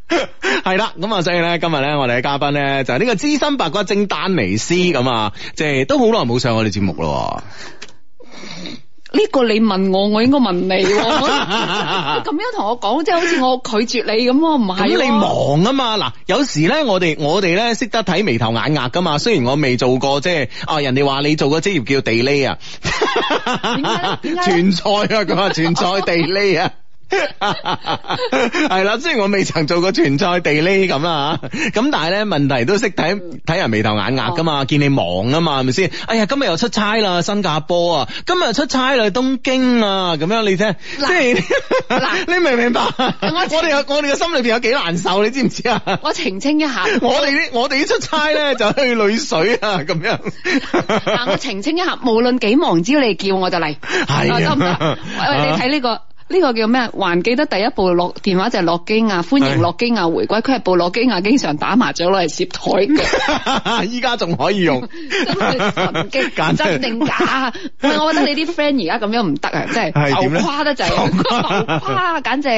[SPEAKER 1] 係啦，咁啊，所以咧，今日咧，我哋嘅嘉賓咧就係呢個資深八卦偵探丹尼斯，咁啊，即係都好耐冇上我哋節目咯。
[SPEAKER 3] 呢、這個你問我，我應該問你，咁 樣同我講，即係好似我拒絕你咁，我唔係。咁你
[SPEAKER 1] 忙啊嘛？嗱，有時咧，我哋我哋咧識得睇眉頭眼額噶嘛。雖然我未做過，即係 啊，人哋話你做嘅職業叫地利啊，存在啊，佢話存在地利啊。係 啦，雖然我未曾做過存在地呢，咁啦咁但係咧問題都識睇睇人眉頭眼額噶嘛，見你忙啊嘛，係咪先？哎呀，今日又出差啦，新加坡啊，今日又出差啦，東京啊，咁樣你聽，即係嗱，你明唔明白？我哋有我哋嘅心裏邊有幾難受，你知唔知啊？
[SPEAKER 3] 我澄清一下，我哋啲
[SPEAKER 1] 我哋出差咧就去濾水啊，咁樣。
[SPEAKER 3] 但我澄清一下，無論幾忙，只要你叫我就嚟，係得唔得？喂，你睇呢個。呢、這個叫咩？還記得第一部諾電話就係諾基亞，歡迎諾基亞回歸。佢係部諾基亞，經常打麻雀攞嚟攝台，
[SPEAKER 1] 依家仲可以用， 真係神機，真定
[SPEAKER 3] 假？ 我覺得你啲 friend 而家咁樣唔得 啊，即係又誇得就係又
[SPEAKER 1] 誇，簡直。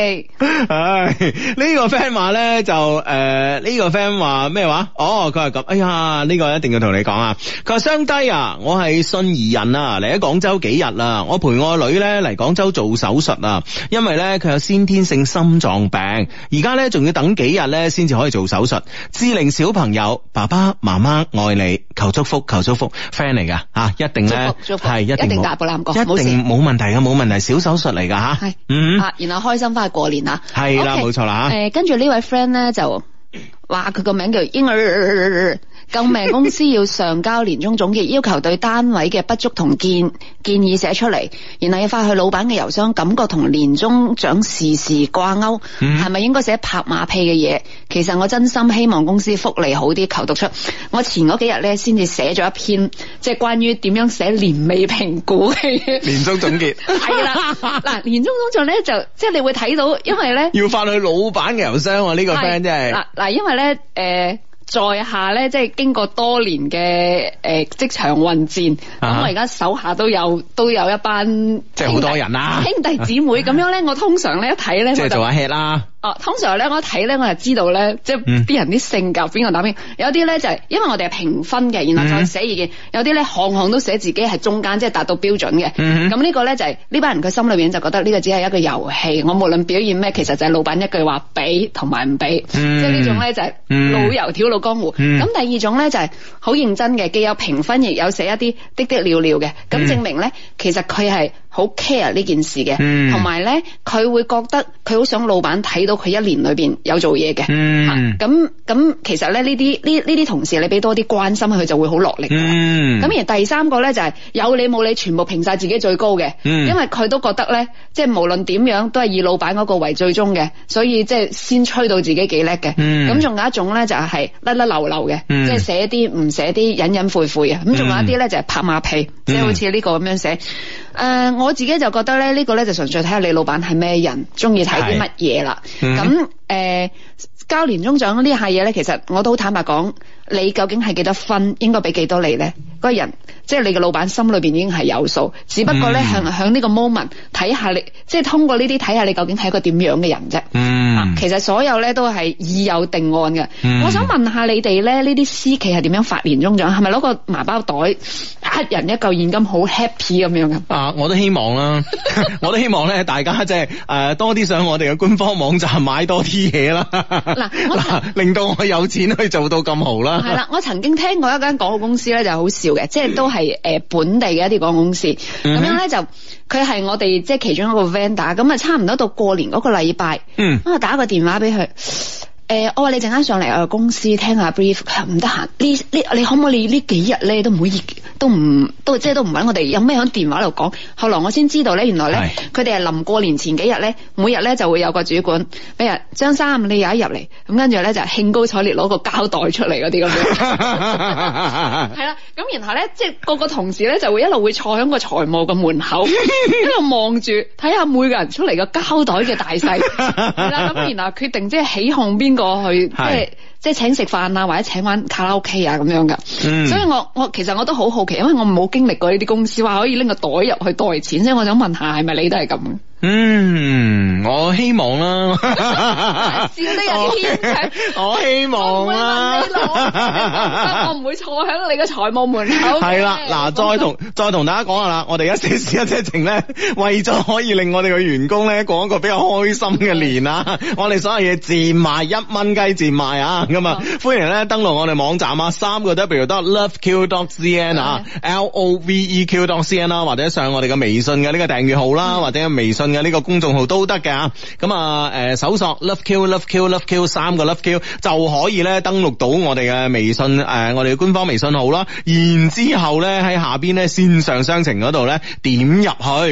[SPEAKER 1] 唉、 哎，呢、這個 friend 話咧就誒，呢個 friend 話咩話？哦，佢係咁，哎呀，呢、這個一定要同你講啊！佢話兄弟啊，我係信宜人啊，嚟咗廣州幾日啦、啊，我陪我女咧嚟廣州做手術啊。因為咧佢有先天性心臟病，而家咧仲要等幾日咧先至可以做手術。志玲小朋友，爸爸媽媽愛你，求祝福，求祝福，friend 嚟噶吓，一定咧係一定大步檻過，一定冇問題嘅，冇問，問題，小手術嚟噶吓，係、啊、
[SPEAKER 3] 嗯、啊，然後開心翻去過年啦，係啦，冇、OK, 錯啦吓。誒、呃，跟住呢位 friend 咧就話佢個名叫嬰兒。救命！公司要上交年終總結，要求對單位嘅不足同建議建議寫出嚟，然後要發去老闆嘅郵箱。感覺同年終獎時時掛鈎，係、嗯、咪應該寫拍馬屁嘅嘢？其實我真心希望公司福利好啲。求讀出，我前嗰幾日咧先至寫咗一篇，即係關於點樣寫年尾評估嘅
[SPEAKER 1] 年終總結。
[SPEAKER 3] 係啦，嗱，年終總結咧就即係你會睇到，因為咧
[SPEAKER 1] 要發去老闆嘅郵箱。啊，呢個 friend 即係
[SPEAKER 3] 嗱嗱，因為咧誒。呃在下咧，即係經過多年嘅誒職場混戰，咁、啊、我而家手下都有都有一班即係好多
[SPEAKER 1] 人啦、啊，兄弟姊
[SPEAKER 3] 妹咁、啊、樣咧，我通常咧一睇咧、啊，即係做下 head 啦。哦，通常咧，我一睇咧，我就知道咧，即係啲人啲性格邊、嗯、個打邊，有啲咧就係、是，因為我哋係評分嘅，然後就寫意見，嗯、有啲咧行行都寫自己係中間，即係達到標準嘅。咁、嗯、呢個咧就係呢班人佢心裏面就覺得呢個只係一個遊戲，我無論表現咩，其實就係老闆一句話俾同埋唔俾，即係呢種咧就係、是，老油條老江湖。咁、嗯、第二種咧就係、是，好認真嘅，既有評分亦有寫一啲的的料料嘅，咁證明咧、嗯、其實佢係。好 care 呢件事嘅，同埋呢，佢會覺得佢好想老闆睇到佢一年裏邊有做嘢嘅。咁、嗯、咁，啊、其實咧呢啲呢呢啲同事，你俾多啲關心，佢就會好落力的。咁、嗯、而第三個呢，就係、是、有你冇你，全部評晒自己最高嘅、嗯。因為佢都覺得呢，即、就、係、是、無論點樣，都係以老闆嗰個為最終嘅，所以即係先吹到自己幾叻嘅。咁、嗯、仲有一種呢，就係甩甩流流嘅，即、嗯、係、就是、寫啲唔寫啲，隱隱晦晦嘅。咁、嗯、仲有一啲呢，就係、是、拍馬屁，即、嗯、係、就是、好似呢個咁樣寫。誒、呃，我自己就覺得咧，呢個咧就純粹睇下你老闆係咩人，鍾意睇啲乜嘢啦，咁。誒、呃，交年終獎呢下嘢咧，其實我都好坦白講，你究竟係幾多分，應該俾幾多你咧？個人，即、就、係、是、你嘅老闆心裏邊已經係有數，只不過咧、嗯、向向呢個 moment 睇下你，即係通過呢啲睇下你究竟係一個點樣嘅人啫。嗯，其實所有咧都係已有定案嘅、嗯。我想問一下你哋咧，呢啲私企係點樣發年終獎？係咪攞個麻包袋乞人一舊現金，好 happy 咁樣？嘅
[SPEAKER 1] 啊，我都希望啦， 我都希望咧，大家即係誒多啲上我哋嘅官方網站買多啲。啲嘢啦，嗱嗱令到我有錢可以做到咁豪啦。係啦，
[SPEAKER 3] 我曾經聽過一間廣告公司咧，就好笑嘅，即係都係誒本地嘅一啲廣告公司，咁、就是 mm -hmm. 樣咧就佢係我哋即係其中一個 vendor，咁啊差唔多到過年嗰個禮拜，嗯、mm -hmm.，我打個電話俾佢。誒、欸，我話你陣間上嚟我嘅公司聽下 brief，唔得閒。呢呢，你可唔可以呢幾日咧都唔可以，都唔，都即係都唔揾我哋，有咩響電話度講？後來我先知道咧，原來咧，佢哋係臨過年前幾日咧，每日咧就會有個主管，比如張生你有一入嚟，咁跟住咧就興高采烈攞個膠袋出嚟嗰啲咁樣。
[SPEAKER 4] 係啦，
[SPEAKER 3] 咁然後咧，即係個個同事咧就會一路會坐響個財務嘅門口， 一路望住睇下每個人出嚟嘅膠袋嘅大細。係啦，咁然後決定即係起哄邊。過去即係即係請食飯啊，或者請玩卡拉 OK 啊咁樣噶，所以我我其實我都好好奇，因為我冇經歷過呢啲公司話可以拎個袋入去袋錢，所以我想問下是不是是，係咪你都係咁？
[SPEAKER 1] 嗯，我希望啦、啊，
[SPEAKER 3] 笑得有啲牽強。我希望啦、啊，我唔會， 會，會， 會坐喺你嘅財務門口。係啦，
[SPEAKER 1] 嗱、啊，再同再同大家講下啦，我哋一些事一些情咧，為咗可以令我哋嘅員工咧過一個比較開心嘅年啊，我哋所有嘢自賣一蚊雞自賣啊，咁啊，歡迎咧登錄我哋網站啊，三個 W dot loveq dot cn 啊，L O V E Q dot cn 啦，或者上我哋嘅微信嘅呢個訂閱號啦、嗯，或者微信。嘅呢個公眾號都得嘅啊，咁啊，誒，搜索 love q love q love q 三個 love q 就可以咧登錄到我哋嘅微信誒，我哋嘅官方微信號啦，然之後咧喺下邊咧線上商城嗰度咧點入去，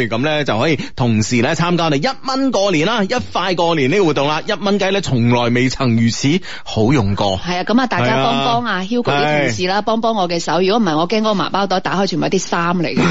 [SPEAKER 1] 咁咧就可以同時咧參加我哋一蚊過年啦，一塊過年呢個活動啦，一蚊雞咧從來未曾如此好用過。
[SPEAKER 3] 係啊，咁啊，大家幫幫阿 Hugo 啲同事啦，幫幫我嘅手，如果唔係我驚嗰個麻包袋打開全部係啲衫嚟。係，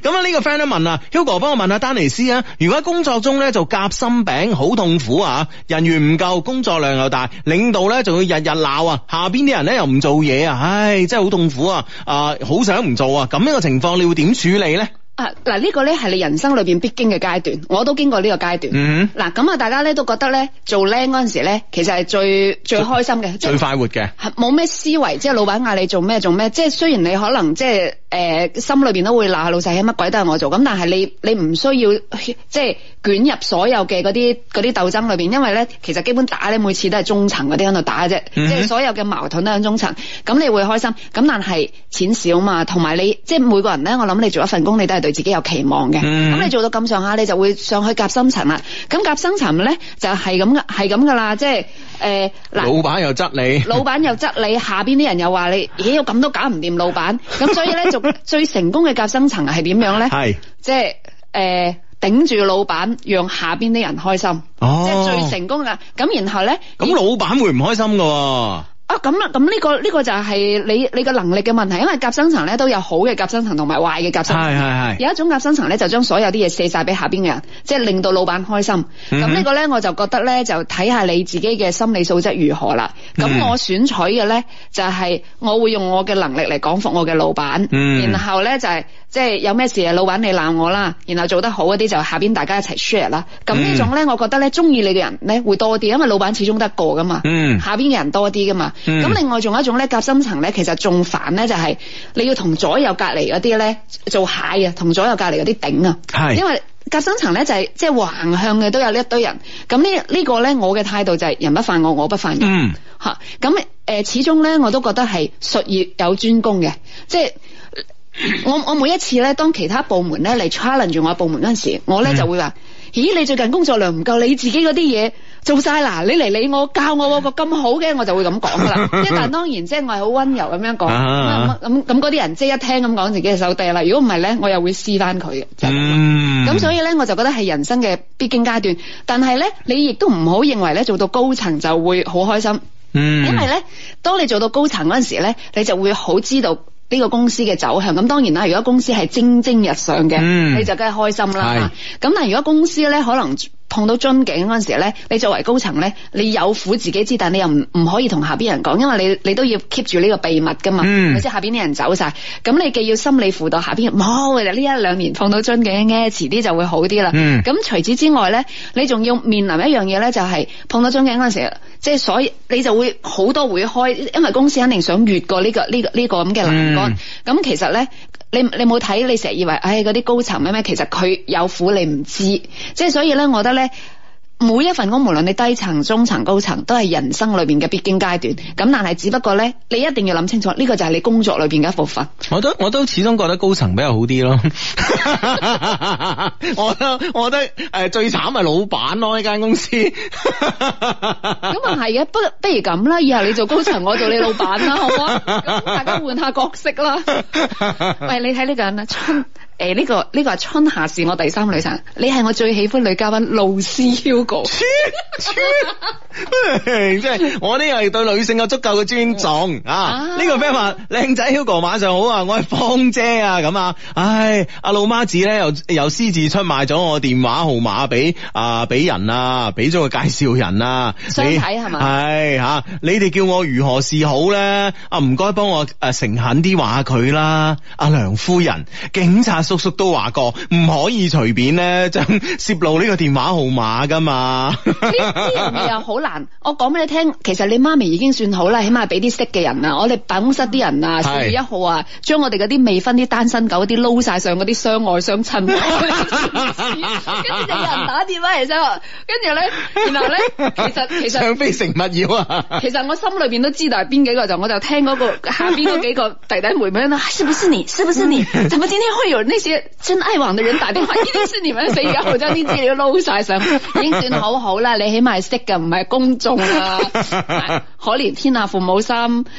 [SPEAKER 3] 咁啊呢
[SPEAKER 1] 個。香港問啊，Hugo 幫我問下、啊、丹尼斯啊。如果工作中咧就夾心餅，好痛苦啊。人員唔夠，工作量又大，領導咧仲要日日鬧啊。下邊啲人咧又唔做嘢啊。唉，真係好痛苦啊。啊、呃，好想唔做啊。咁樣個情況你會點處理咧？
[SPEAKER 3] 啊，嗱、這個，呢個咧係你人生裏邊必經嘅階段，我都經過呢個階段。嗯哼嗱，咁啊，大家咧都覺得咧做靚嗰陣時咧，其實係最最開心嘅，最快活嘅，冇咩思維，即係老闆嗌你做咩做咩，即係雖然你可能即係。誒，心裏邊都會鬧下老細，乜鬼都係我做。咁但係你你唔需要即係捲入所有嘅嗰啲嗰啲鬥爭裏邊，因為咧其實基本打你每次都係中層嗰啲喺度打啫，即、mm、係 -hmm. 所有嘅矛盾都喺中層。咁你會開心，咁但係錢少啊嘛，同埋你即係、就是、每個人咧，我諗你做一份工，你都係對自己有期望嘅。咁、mm -hmm. 你做到咁上下，你就會上去夾心層啦。咁夾心層咧就係、是、咁，係咁噶啦，即、就、係、是。誒，嗱，老闆
[SPEAKER 1] 又質你，老
[SPEAKER 3] 闆又質你，下邊啲人又話你，嘢，有咁都搞唔掂，老闆，咁 所以咧，最成功嘅夾心層係點樣咧？係，即係誒，頂、呃、住老闆，讓下邊啲人開心，即、哦、係、就是、最成功啦。咁然後咧，
[SPEAKER 1] 咁老闆會唔開心噶、啊？
[SPEAKER 3] 啊咁啦，咁呢個呢個就係你你個能力嘅問題，因為夾心層咧都有好嘅夾心層同埋壞嘅夾心層。有一種夾心層咧就將所有啲嘢卸晒俾下邊嘅人，即係令到老闆開心。咁、嗯、呢個咧我就覺得咧就睇下你自己嘅心理素質如何啦。咁我選取嘅咧、嗯、就係我會用我嘅能力嚟講服我嘅老闆、嗯，然後咧就係即係有咩事啊，老闆你鬧我啦，然後做得好嗰啲就下邊大家一齊 share 啦。咁呢種咧我覺得咧中意你嘅人咧會多啲，因為老闆始終得一個噶嘛，嗯、下邊嘅人多啲噶嘛。咁、嗯、另外仲有一種咧夾心層咧，其實仲煩咧就係你要同左右隔籬嗰啲咧做蟹啊，同左右隔籬嗰啲頂啊，係因為夾心層咧就係即係橫向嘅都有呢一堆人。咁呢呢個咧，我嘅態度就係人不犯我，我不犯人。吓咁誒，始終咧我都覺得係術業有專攻嘅，即、就、係、是、我我每一次咧，當其他部門咧嚟 challenge 住我部門嗰陣時，我咧、嗯、就會話：咦，你最近工作量唔夠，你自己嗰啲嘢。做晒啦，你嚟理我教我，我個咁好嘅，我就會咁講噶啦。即 但當然，即係我係好溫柔咁樣講，咁咁嗰啲人即係一聽咁講自己係手地啦。如果唔係咧，我又會撕翻佢嘅。嗯，咁所以咧，我就覺得係人生嘅必經階段。但係咧，你亦都唔好認為咧做到高層就會好開心。因為咧，當你做到高層嗰陣時咧，你就會好知道呢個公司嘅走向。咁當然啦，如果公司係蒸蒸日上嘅、嗯，你就梗係開心啦。咁但係如果公司咧可能。碰到樽頸嗰陣時咧，你作為高層咧，你有苦自己知，但你又唔唔可以同下邊人講，因為你你都要 keep 住呢個秘密㗎嘛，mm. 即係下邊啲人走晒，咁你既要心理輔導下邊，冇啊呢一兩年碰到樽頸咧，遲啲就會好啲啦。咁、mm. 除此之外咧，你仲要面臨一樣嘢咧，就係、是、碰到樽頸嗰陣時候，即係所以你就會好多會開，因為公司肯定想越過呢個呢個呢個咁嘅欄杆。咁、mm. 其實咧，你你冇睇你成日以為，唉嗰啲高層咩咩，其實佢有苦你唔知，即係所以咧，我覺得咧。每一份工，無論你低層、中層、高層，都係人生裏邊嘅必經階段。咁，但係只不過咧，你一定要諗清楚，呢、呢個就係你工作裏邊嘅一部分。
[SPEAKER 1] 我都我都始終覺得高層比較好啲、 呃、咯。我覺得我覺得誒，最慘係老闆咯呢間公司。咁啊
[SPEAKER 3] 係嘅，不不如咁啦，以後你做高層，我做你老闆啦，好唔好啊？
[SPEAKER 1] 咁大家
[SPEAKER 3] 換下角色啦。
[SPEAKER 1] 喂，
[SPEAKER 3] 你睇呢個人啊！誒、欸，呢、這個呢、這個係春夏，是我第三女神，你係我最喜歡女嘉賓露絲 Hugo。
[SPEAKER 1] 即係我呢，係對女性有足夠嘅尊重啊！呢、啊這個 friend 話：靚仔 Hugo 晚上好啊，我係芳姐啊咁啊。唉，阿、哎、老媽子咧又又私自出賣咗我電話號碼俾啊俾人,給了人、哎、啊，俾咗個介紹人啊。相睇係咪？係吓，你哋叫我如何是好咧？啊，唔該幫我誒，誠懇啲話佢啦，阿梁夫人，警察。叔叔都話過唔可以隨便咧，就泄露呢個電話號碼噶嘛。呢啲嘢又
[SPEAKER 3] 好難。我講俾你聽，其實你媽咪已經算好啦，起碼俾啲識嘅人啊。我哋辦公室啲人啊，十月一號啊，將我哋嗰啲未婚啲單身狗、啲撈晒上嗰啲相愛相親，跟 住就有
[SPEAKER 4] 人
[SPEAKER 3] 打電話嚟就，跟住咧，然後咧，其實其實非誠勿擾啊。其實我心裏邊都知道係邊幾個就，就我就聽嗰個下邊嗰幾個弟弟妹妹啦。是不是你？是不是你？ 怎麼今天會有人呢？接真愛網的人打電話，一定是你們誰家好在將啲資料撈晒上去，已經算好好啦。你起碼識嘅唔係公眾啊。可憐天下父母心。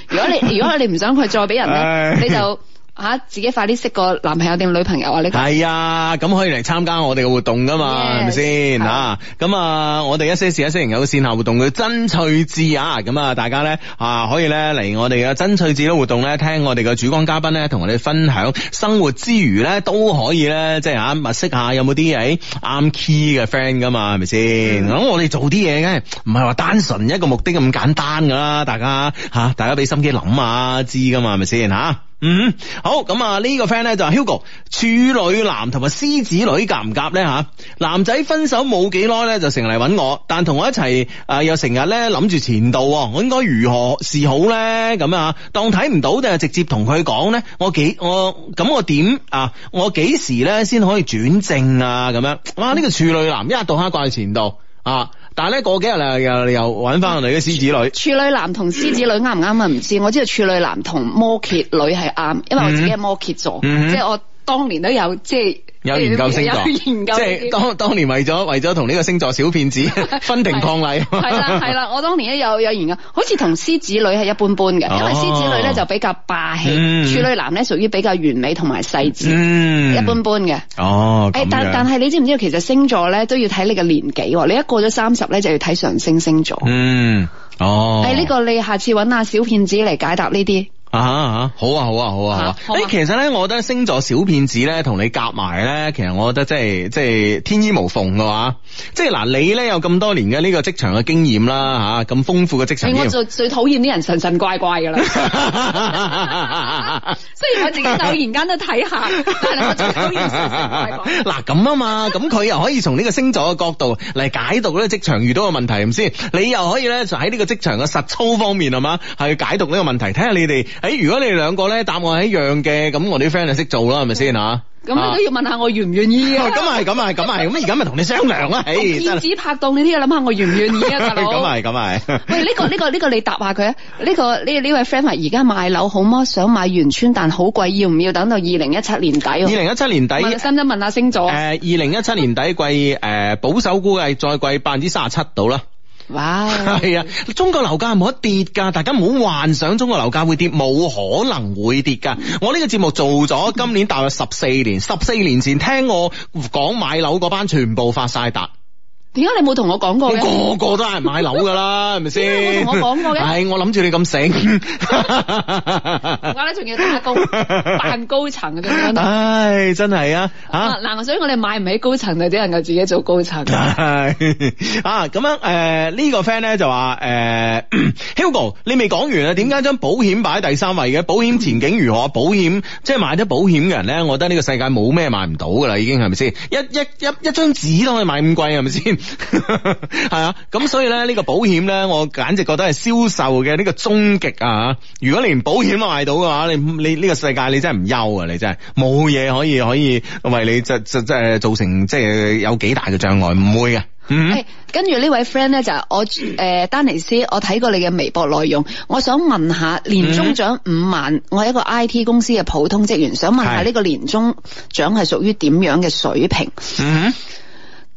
[SPEAKER 3] 如果你如果你唔想佢再俾人咧， 你就。吓、啊，自己快啲識個男
[SPEAKER 1] 朋友定女朋友啊！呢個係啊，咁可以嚟參加我哋嘅活動噶嘛，係咪先？啊，咁啊，我哋一些事一些情嘅線下活動嘅真趣智啊，咁啊、就是啊，嗯、啊，大家咧啊，可以咧嚟我哋嘅真趣智嘅活動咧，聽我哋嘅主講嘉賓咧，同我哋分享生活之餘咧，都可以咧，即係吓物識下有冇啲誒啱 key 嘅 friend 噶嘛，係咪先？咁我哋做啲嘢，梗唔係話單純一個目的咁簡單噶啦，大家吓，大家俾心機諗啊，知噶嘛，係咪先？吓。嗯，好咁啊！呢個 friend 咧就係 Hugo，處女男同埋獅子女夾唔夾咧吓？男仔分手冇幾耐咧就成嚟揾我，但同我一齊誒又成日咧諗住前度，我應該如何是好咧？咁啊，當睇唔到定係直接同佢講咧？我幾我咁我點啊？我幾時咧先可以轉正啊？咁樣哇！呢個處女男一日到黑掛住前度啊！但係咧，過幾日啦，又又揾翻我哋啲獅子女，
[SPEAKER 3] 處女男同獅子女啱唔啱啊？唔知，我知道處女男同摩羯女係啱，因為我自己係摩羯座，嗯嗯、即係我。當年都有即係有研究星座，有研究即係當當年
[SPEAKER 1] 為咗為咗同呢個星座小騙子分庭抗禮。係啦
[SPEAKER 3] 係啦，我當年都有有研究，好似同獅子女係一般般嘅。哦，因為獅子女咧就比較霸氣。嗯，處女男咧屬於比較完美同埋細緻，嗯，一般般嘅。哦，
[SPEAKER 4] 誒，但但係
[SPEAKER 3] 你知唔知道其實星座咧都要睇你嘅年紀，你一過咗三十咧就要睇上升星、星座。
[SPEAKER 1] 嗯，哦，誒、哎，呢、這個你
[SPEAKER 3] 下次搵阿小騙子嚟解答呢啲。
[SPEAKER 1] 啊好啊好啊好啊好，誒、啊、其實咧，我覺得星座小騙子咧同你夾埋咧，其實我覺得即係即係天衣無縫嘅話，即係嗱你咧有咁多年嘅呢個職場嘅經驗啦吓，咁豐富嘅職場經驗。我
[SPEAKER 3] 最最討厭啲人神神怪怪噶啦。 雖然我自己偶然間都睇下，但係我最討厭神神
[SPEAKER 1] 怪怪。嗱咁啊嘛，咁 佢又可以從呢個星座嘅角度嚟解讀咧職場遇到嘅問題，係先？你又可以咧就喺呢個職場嘅實操方面係嘛，去解讀呢個問題，睇下你哋。誒，如果你哋兩個咧答案係一樣嘅，咁我啲 friend 就識做啦，係咪先吓？咁你都要
[SPEAKER 3] 問下我願唔願意啊？咁啊係，咁啊係，咁啊咁而家咪同你商量啦，啊，係、 哎。騙子拍檔，你都要諗下我願唔願意啊，大佬。咁係，
[SPEAKER 1] 咁係。 喂，呢、
[SPEAKER 3] 這個呢、這個呢、這個你答下佢啊？呢、這個呢呢位 friend 話而家買樓好麼？想買元村，但好貴，要唔要等到二零一七年底？二零一七年底。使唔使問下星座。誒、
[SPEAKER 1] 呃，二零一七年底貴誒、呃，保守估計再貴百分之三十七度啦。
[SPEAKER 3] 哇，係啊！中國樓價係冇得跌
[SPEAKER 1] 噶，大家唔好幻想中國樓價會跌，冇可能會跌噶。我呢個節目做咗今年大約十四年，十 四年前聽我講買樓嗰班全部發晒達。
[SPEAKER 3] 點解你冇同我講過嘅？
[SPEAKER 1] 個個都係買樓噶啦，係咪先？點解冇同我講過嘅？係我諗住你咁醒，
[SPEAKER 3] 我解咧？ 仲要打工
[SPEAKER 1] 扮高層嘅咁樣？唉，真
[SPEAKER 3] 係啊！吓、啊、嗱、啊，所以我哋買唔起高層，就只能夠自己做高層。
[SPEAKER 1] 啊，咁樣誒呢、呃這個 friend 咧就話誒、呃、 ，Hugo 你未講完啊？點解將保險擺喺第三位嘅？保險前景如何？保險即係賣得保險嘅人咧，我覺得呢個世界冇咩賣唔到噶啦，已經係咪先？一一一一張紙都可以賣咁貴，係咪先？係 啊，咁所以咧，呢、這個保險咧，我簡直覺得係銷售嘅呢個終極啊！如果你連保險賣到嘅話，你你呢、這個世界你真係唔憂啊！你真係冇嘢可以可以為你即即即係造成即係有幾大嘅障礙，唔會嘅。嗯，
[SPEAKER 3] 跟住呢位 friend 咧就係、我誒、呃、丹尼斯，我睇過你嘅微博內容，我想問，問下年終獎五萬，嗯、我係一個 I T 公司嘅普通職員，想問下呢個年終獎係屬於點樣嘅水平？嗯哼。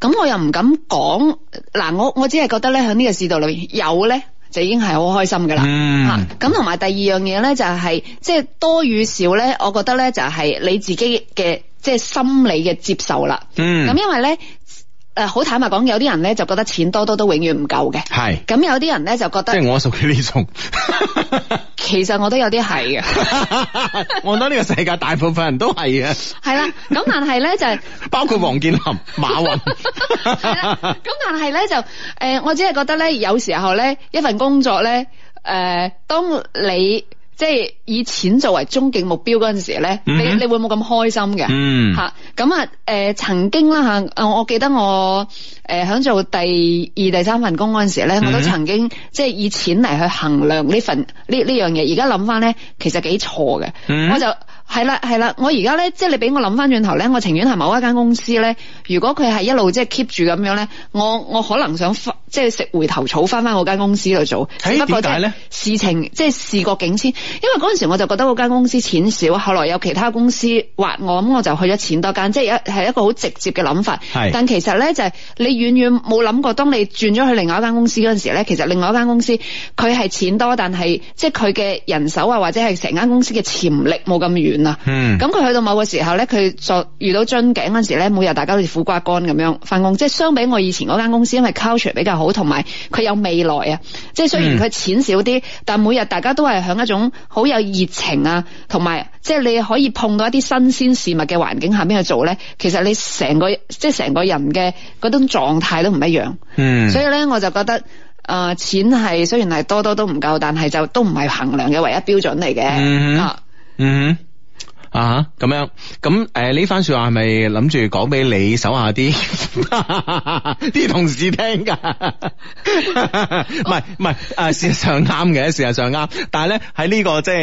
[SPEAKER 3] 咁我又唔敢講，嗱我我只係覺得咧喺呢個市道裏邊有咧就已經係好開心噶啦，吓咁同埋第二樣嘢咧就係即係多與少咧，我覺得咧就係你自己嘅即係心理嘅接受啦，嗯，咁因為咧。誒、呃，好坦白講，有啲人咧就覺得錢多多都永遠唔夠嘅。係，咁有啲人咧就覺得，即係
[SPEAKER 1] 我屬於呢種
[SPEAKER 3] 其實我都有啲係嘅。
[SPEAKER 1] 我覺得呢個世界大部分人都係嘅
[SPEAKER 3] 係啦，咁但係咧就，
[SPEAKER 1] 包括王健林、 馬雲雲笑。
[SPEAKER 3] 咁但係咧就，誒、呃，我只係覺得咧，有時候咧，一份工作咧，誒、呃，當你。即係以錢作為終極目標嗰陣時咧、mm -hmm.，你你會冇咁開心嘅吓。咁啊，誒，曾經啦吓，我我記得我誒響做第二、第三份工嗰陣時咧，mm -hmm. 我都曾經即係以錢嚟去衡量呢份呢呢樣嘢。而家諗翻咧，其實幾錯嘅。Mm -hmm. 我就。係啦，係啦，我而家咧，即係你俾我諗翻轉頭咧，我情願係某一間公司咧，如果佢係一路即係 keep 住咁樣咧，我我可能想即係食回頭草，翻翻嗰間公司度做。只不過就係、是、咧，事情即係事過境遷，因為嗰陣時我就覺得嗰間公司錢少，後來有其他公司挖我，咁我就去咗錢多間，即係一係一個好直接嘅諗法。但其實咧就係、是、你遠遠冇諗過，當你轉咗去另外一間公司嗰陣時咧，其實另外一間公司佢係錢多，但係即係佢嘅人手啊，或者係成間公司嘅潛力冇咁遠。嗯，咁佢去到某個時候咧，佢就遇到樽頸嗰陣時咧，每日大家都似苦瓜乾咁樣翻工。即係相比我以前嗰間公司，因為 culture 比較好，同埋佢有未來啊。即係雖然佢錢少啲，但每日大家都係響一種好有熱情啊，同埋即係你可以碰到一啲新鮮事物嘅環境下邊去做咧。其實你成個即係成個人嘅嗰種狀態都唔一樣。嗯，所以咧我就覺得，呃，錢係雖然係多多都唔夠，但係就都唔係衡量嘅唯一標準嚟嘅。嗯。啊嗯
[SPEAKER 1] 啊，咁樣，咁誒、呢、呃、番說話係咪諗住講俾你手下啲啲 同事聽噶？唔係唔係，誒、啊，事實上啱嘅，事實上啱。但係咧喺呢、這個即係、就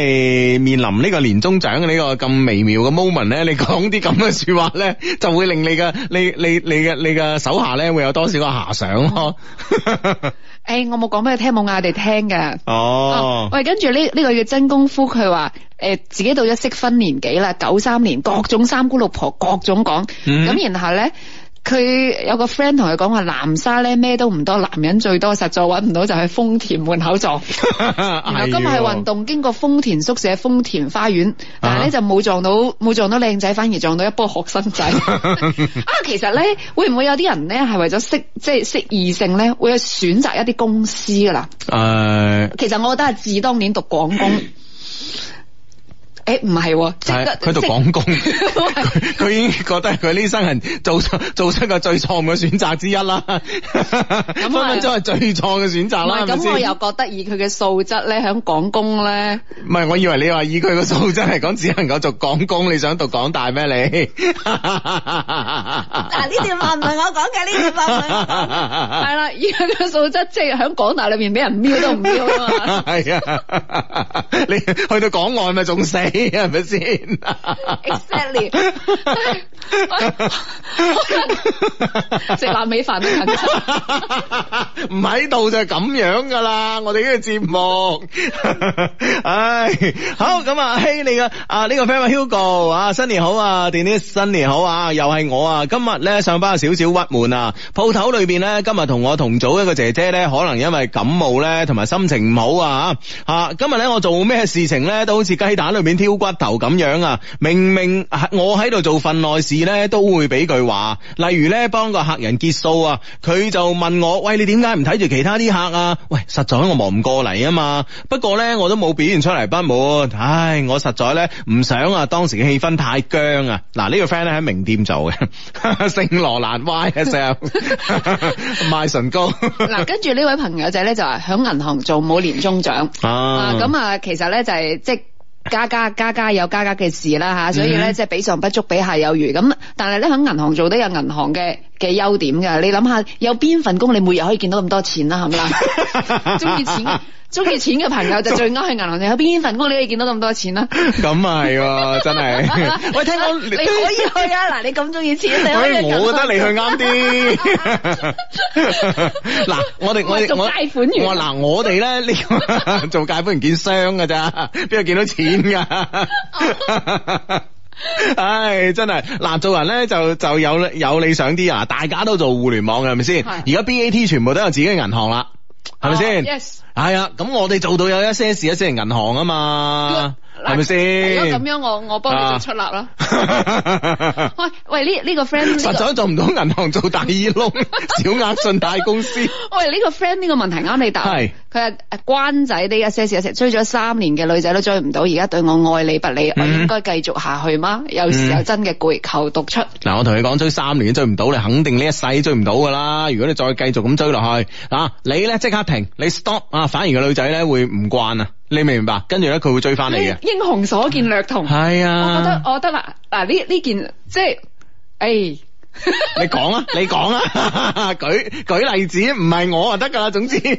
[SPEAKER 1] 是、面臨呢個年終獎嘅呢個咁微妙嘅 moment 咧，你講啲咁嘅說話咧，就會令你嘅你你你嘅你嘅手下咧會有多少個遐想咯，哦。
[SPEAKER 3] 誒、哎，我冇講俾你聽，冇嗌佢聽嘅哦，喂、啊，跟住呢呢個月、這個、真功夫，佢話誒自己到咗適婚年紀啦，九三年，各種三姑六婆，各種講，咁、嗯、然後咧。佢有個 friend 同佢講話南沙咧咩都唔多，男人最多，實在揾唔到就係豐田門口撞。 今日係運動、 哎，經過豐田宿舍、豐田花園，但係咧就冇撞到冇撞、啊、到靚仔，反而撞到一波學生仔。 啊，其實咧會唔會有啲人咧係為咗識即係識異性咧，會去選擇一啲公司噶啦、哎？其實我覺得阿自當年讀廣工。 誒、欸，唔係、啊，即係佢讀廣
[SPEAKER 1] 工，佢已經覺得佢呢生人做做出個最錯嘅選擇之一啦。咁真即係最錯嘅選擇啦。咁我又
[SPEAKER 3] 覺得以佢嘅素質咧，響廣工咧，
[SPEAKER 1] 唔係，我以為你話以佢嘅素質嚟講，只能夠做廣工。你想讀廣大咩？你嗱呢、 啊、段話唔係我講嘅，呢段
[SPEAKER 3] 話唔係我講啦， 以佢嘅素質，即係響廣大裏面俾人瞄都唔瞄啊，
[SPEAKER 1] 係啊， 你去到廣外咪仲死。係咪
[SPEAKER 3] 先？Exactly 食臘米飯都緊
[SPEAKER 1] 張，唔喺度就係咁樣噶啦。我哋呢個節目，唉， 好咁、hey, 啊，希、這、你個啊呢個 friend Hugo 啊，新年好啊，Denise 新年好啊，又係我啊。今日咧上班有少少鬱悶啊，鋪頭裏邊咧今日同我同組一個姐姐咧，可能因為感冒咧，同埋心情唔好啊吓、啊。今日咧我做咩事情咧，都好似雞蛋裏面。腰骨頭咁樣啊！明明我喺度做份內事咧，都會俾佢話，例如咧幫個客人結數啊，佢就問我：喂，你點解唔睇住其他啲客啊？喂，實在我忙唔過嚟，啊嘛。不過咧，我都冇表現出嚟不滿。唉，我實在咧唔想啊，當時嘅氣氛太僵啊。嗱，呢個 friend 咧喺名店做嘅，聖羅蘭 YSL
[SPEAKER 3] 賣唇膏。嗱，跟住呢位朋友仔咧就係喺銀行做冇年終獎啊。咁啊，其實咧就係即。家家家家有家家嘅事啦吓，所以咧即係比上不足，比下有餘咁，但係咧喺銀行做都有銀行嘅嘅優點嘅，你諗下，有邊份工你每日可以見到咁多錢啦，係咪啦？中意錢。中意錢嘅朋友就最啱去銀行。你喺邊份工你可以見到咁多錢啦？咁啊
[SPEAKER 1] 係，真係。 聽
[SPEAKER 3] 我聽講你可以去啊，嗱， 你咁中意錢。所
[SPEAKER 1] 以我，我覺得你去啱啲。嗱，我哋我哋做貸款員我嗱，我哋咧你做貸款員 見商噶咋，邊度見到錢噶？唉、 哎，真係嗱，做人咧就就有有理想啲啊！大家都做互聯網嘅係咪先？而家 B A T 全部都有自己嘅銀行啦。係咪先？係、oh, 啊、yes.，咁我哋做到有一些事，一些銀行啊嘛，係咪先？如果咁
[SPEAKER 3] 樣，我我幫你做出納
[SPEAKER 1] 咯。
[SPEAKER 3] 喂 喂，呢呢、呢個 friend 實在做
[SPEAKER 1] 唔到銀行，做大耳窿，
[SPEAKER 3] 小額信貸公司。 喂，呢、呢個 friend 呢個問題啱你答係。佢話關仔呢一些事，追咗三年嘅女仔都追唔到，而家對我愛理不理，我應該繼續下去嗎？嗯、有時有真嘅攰，求獨出。
[SPEAKER 1] 嗱、嗯，我同你講，追三年追唔到，你肯定呢一世追唔到噶啦。如果你再繼續咁追落去嗱、啊，你咧即刻停，你 stop 啊，反而個女仔咧會唔慣啊，你明唔明白？跟住咧佢會追翻你嘅。
[SPEAKER 3] 英雄所見略同。係啊，我覺得，我覺得嗱嗱呢呢件即係，誒、哎。
[SPEAKER 1] 你講啊，你講啊， 舉舉例子，唔係我啊得㗎啦，總之係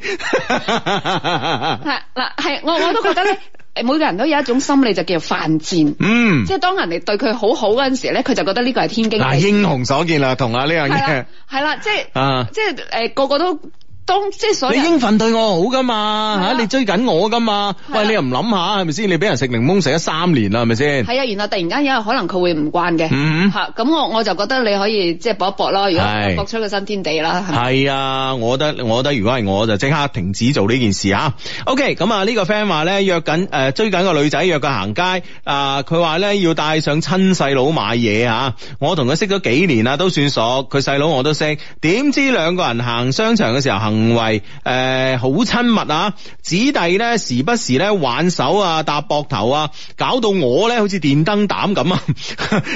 [SPEAKER 3] 嗱，係 我我都覺得咧，誒，每個人都有一種心理就叫犯賤，嗯，即係當人哋對佢好好嗰陣時咧，佢就覺得呢個係天經，嗱，英
[SPEAKER 1] 雄所見略同啊，呢樣嘢
[SPEAKER 3] 係啦，即、就、係、是、啊，即係誒、呃，個個都。當即係所以，你應份對我好噶嘛
[SPEAKER 1] 吓、啊？你追緊我噶嘛、啊？喂，你又唔諗下係咪先？你俾人食檸檬食咗三年啦，係咪先？係啊，然
[SPEAKER 3] 後突然間有可能佢會唔慣嘅，吓、嗯、咁我我就覺得你可以即係搏一搏咯，如果搏出個新天地
[SPEAKER 1] 啦。係啊,啊，我覺得我覺得如果係我就即刻停止做呢件事吓。OK，咁啊、呃呃、呢個 friend 話咧約緊誒追緊個女仔約佢行街啊，佢話咧要帶上親細佬買嘢啊。我同佢識咗幾年啦，都算熟，佢細佬我都識，點知兩個人行商場嘅時候行。行為誒好親密啊，姊弟咧時不時咧挽手啊，搭膊頭啊，搞到我咧好似電燈膽咁啊。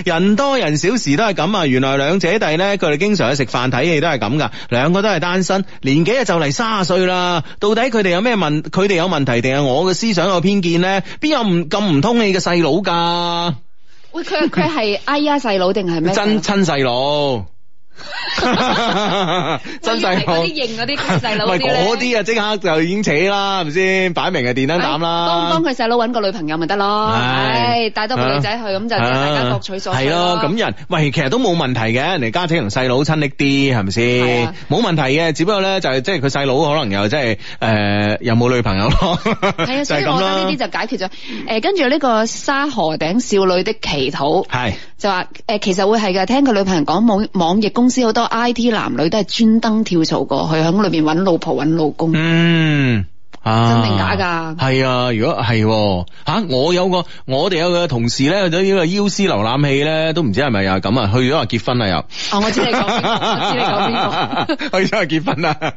[SPEAKER 1] 人多人少時都係咁啊，原來兩姐弟咧佢哋經常去食飯睇戲都係咁噶，兩個都係單身，年紀啊就嚟卅歲啦。到底佢哋有咩問題？佢哋有問題定係我嘅思想有偏見咧？邊有唔咁唔通氣嘅細佬噶？喂，
[SPEAKER 3] 佢佢係哎呀細佬定係咩？真
[SPEAKER 1] 親細佬。真 係，嗰
[SPEAKER 3] 啲認嗰啲細佬啲
[SPEAKER 1] 嗰啲啊即刻就已經扯啦，係咪先？擺明係電燈膽啦，幫
[SPEAKER 3] 佢細佬搵個女朋友咪得咯，唉，帶、哎、多個女仔去咁、啊、就大家各取所需咯。咁、啊、
[SPEAKER 1] 人喂，其實都冇問題嘅，人哋家庭同細佬親昵啲係咪先？冇、啊、問題嘅，只不過咧就係即係佢細佬可能又即係誒又冇女朋友咯，就、啊、所以咯。呢啲
[SPEAKER 3] 就解決咗。誒、嗯，跟住呢個沙河頂少女的祈禱係。就話誒，其實會係嘅。聽佢女朋友講，網網易公司好多 I T 男女都係專登跳槽過去，喺裏邊揾老婆、揾老公。嗯
[SPEAKER 1] 啊，真定假噶？係啊，如果係吓、啊啊，我有個我哋有個同事咧，咗呢個 U C 瀏覽器咧，都唔知係咪啊。咁啊？去咗話，結婚啦又。哦、啊，我知你講 我知你講邊個。 去咗話，結婚啦。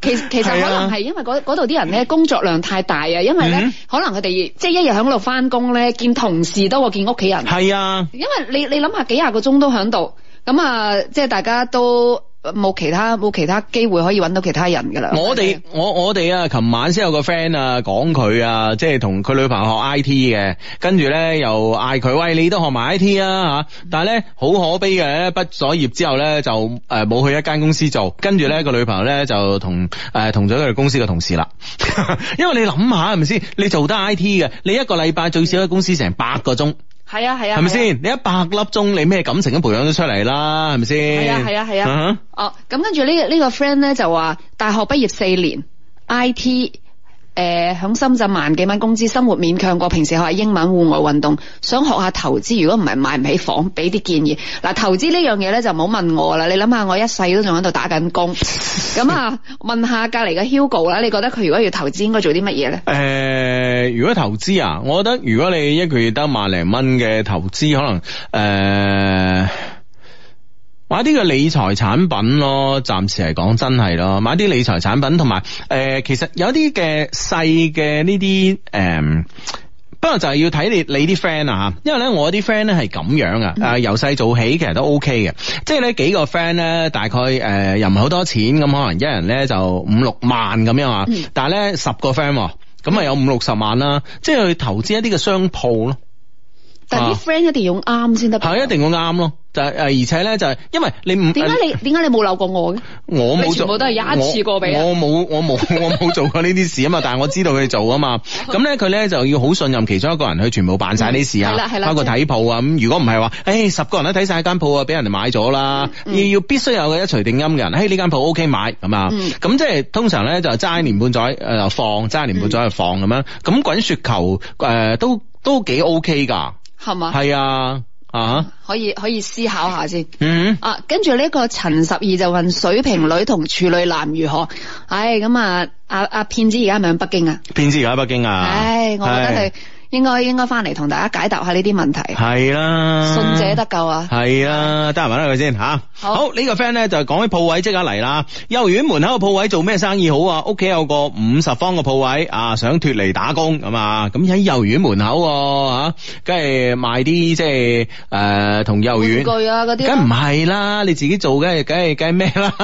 [SPEAKER 3] 其 其實可能係因為嗰度啲人咧，工作量太大啊，嗯，因為咧，可能佢哋即係一日響度翻工咧，見同事多過見屋企人。係、嗯、啊，因為你你諗下幾廿個鐘都響度，咁啊即係大家都。冇其他冇其他機會可以揾到其他人噶啦。我哋
[SPEAKER 1] 我我哋啊，琴晚先有個 friend 啊，講佢啊，即係同佢女朋友學 I T 嘅，跟住咧又嗌佢，喂，你都學埋 I T 啊？吓、啊。但係咧好可悲嘅，畢咗業之後咧就誒冇、呃、去一間公司做，跟住咧個女朋友咧就同誒同咗佢哋公司嘅同事啦。 因為你諗下係咪先？你做得 I T 嘅，你一個禮拜最少喺公司成八個鐘。
[SPEAKER 3] 係啊，係啊，係咪先？
[SPEAKER 1] 你一百粒鐘，你咩感情都培養咗出嚟啦，係咪先？係啊，係啊，係啊，是
[SPEAKER 3] 啊，是啊 uh -huh. 哦，咁跟住呢呢個 friend 咧就話，大學畢業四年，I T。IT 誒、呃，喺深圳萬幾蚊工資，生活勉強過，平時學下英文、戶外運動，想學下投資。如果唔係買唔起房，俾啲建議。嗱、啊，投資呢樣嘢咧就唔好問我啦。你諗下，我一世都仲喺度打緊工。咁 啊，問下隔籬嘅 Hugo 啦，你覺得佢如果要投資，應該做啲乜嘢咧？
[SPEAKER 1] 誒，如果投資啊，我覺得如果你一個月得萬零蚊嘅投資，可能誒。呃買啲嘅理財產品咯，暫時嚟講真係咯，買啲理財產品同埋誒，其實有啲嘅細嘅呢啲誒，不過就係要睇你你啲 friend 啊吓，因為咧我啲 friend 咧係咁樣啊，誒由細做起其實都 OK 嘅，即係咧幾個 friend 咧大概誒、呃、又唔係好多錢咁，可能一人咧就五六萬咁樣啊、嗯，但係咧十個 friend 咁啊有五六十萬啦，即係去投資一啲嘅商鋪咯。但啲 friend 一定要啱先得，係、啊、一定要啱咯。就係誒，而且咧就係、是、因為你唔點解你
[SPEAKER 3] 點解、啊、你冇鬧過
[SPEAKER 1] 我嘅？我冇做都係一次過俾我冇，我冇，我冇 做過呢啲事啊嘛。但係我知道佢做啊嘛。咁咧佢咧就要好信任其中一個人去全部辦晒呢啲事啊、嗯，包括睇鋪啊。咁、就是、如果唔係話，誒、欸、十個人都睇晒一間鋪啊，俾人哋買咗啦，要、嗯、要必須有個一錘定音嘅人喺呢、欸、間鋪 O K 買咁啊。咁即係通常咧就齋年半載誒、呃、放，齋年半載又放咁、嗯、樣。咁滾雪球誒、呃、都都幾 O K 㗎。係嘛？係啊，啊、uh-huh，
[SPEAKER 3] 可以可以思考一下先。嗯、
[SPEAKER 1] mm-hmm。
[SPEAKER 3] 啊，跟住呢個陳十二就問水瓶女同處女男如何？唉、哎，咁啊，阿阿騙子而家係咪喺北京啊？
[SPEAKER 1] 騙子而家喺北京啊？唉，我覺得係。
[SPEAKER 3] 應該應該翻嚟同大家解答下呢啲問題。
[SPEAKER 1] 係啦、啊，信者得救啊！係啊，得閒揾啊？佢、啊、先吓，好呢個 friend 咧就講起鋪位即刻嚟啦。幼兒園門口嘅鋪位做咩生意好啊？屋企有個五十方嘅鋪位脫離啊，想脱離打工咁啊，咁、呃、喺幼兒園門口吓，梗係賣啲即係誒同幼兒園玩具啊嗰啲，梗唔係啦，你自己做梗係梗係咩啦，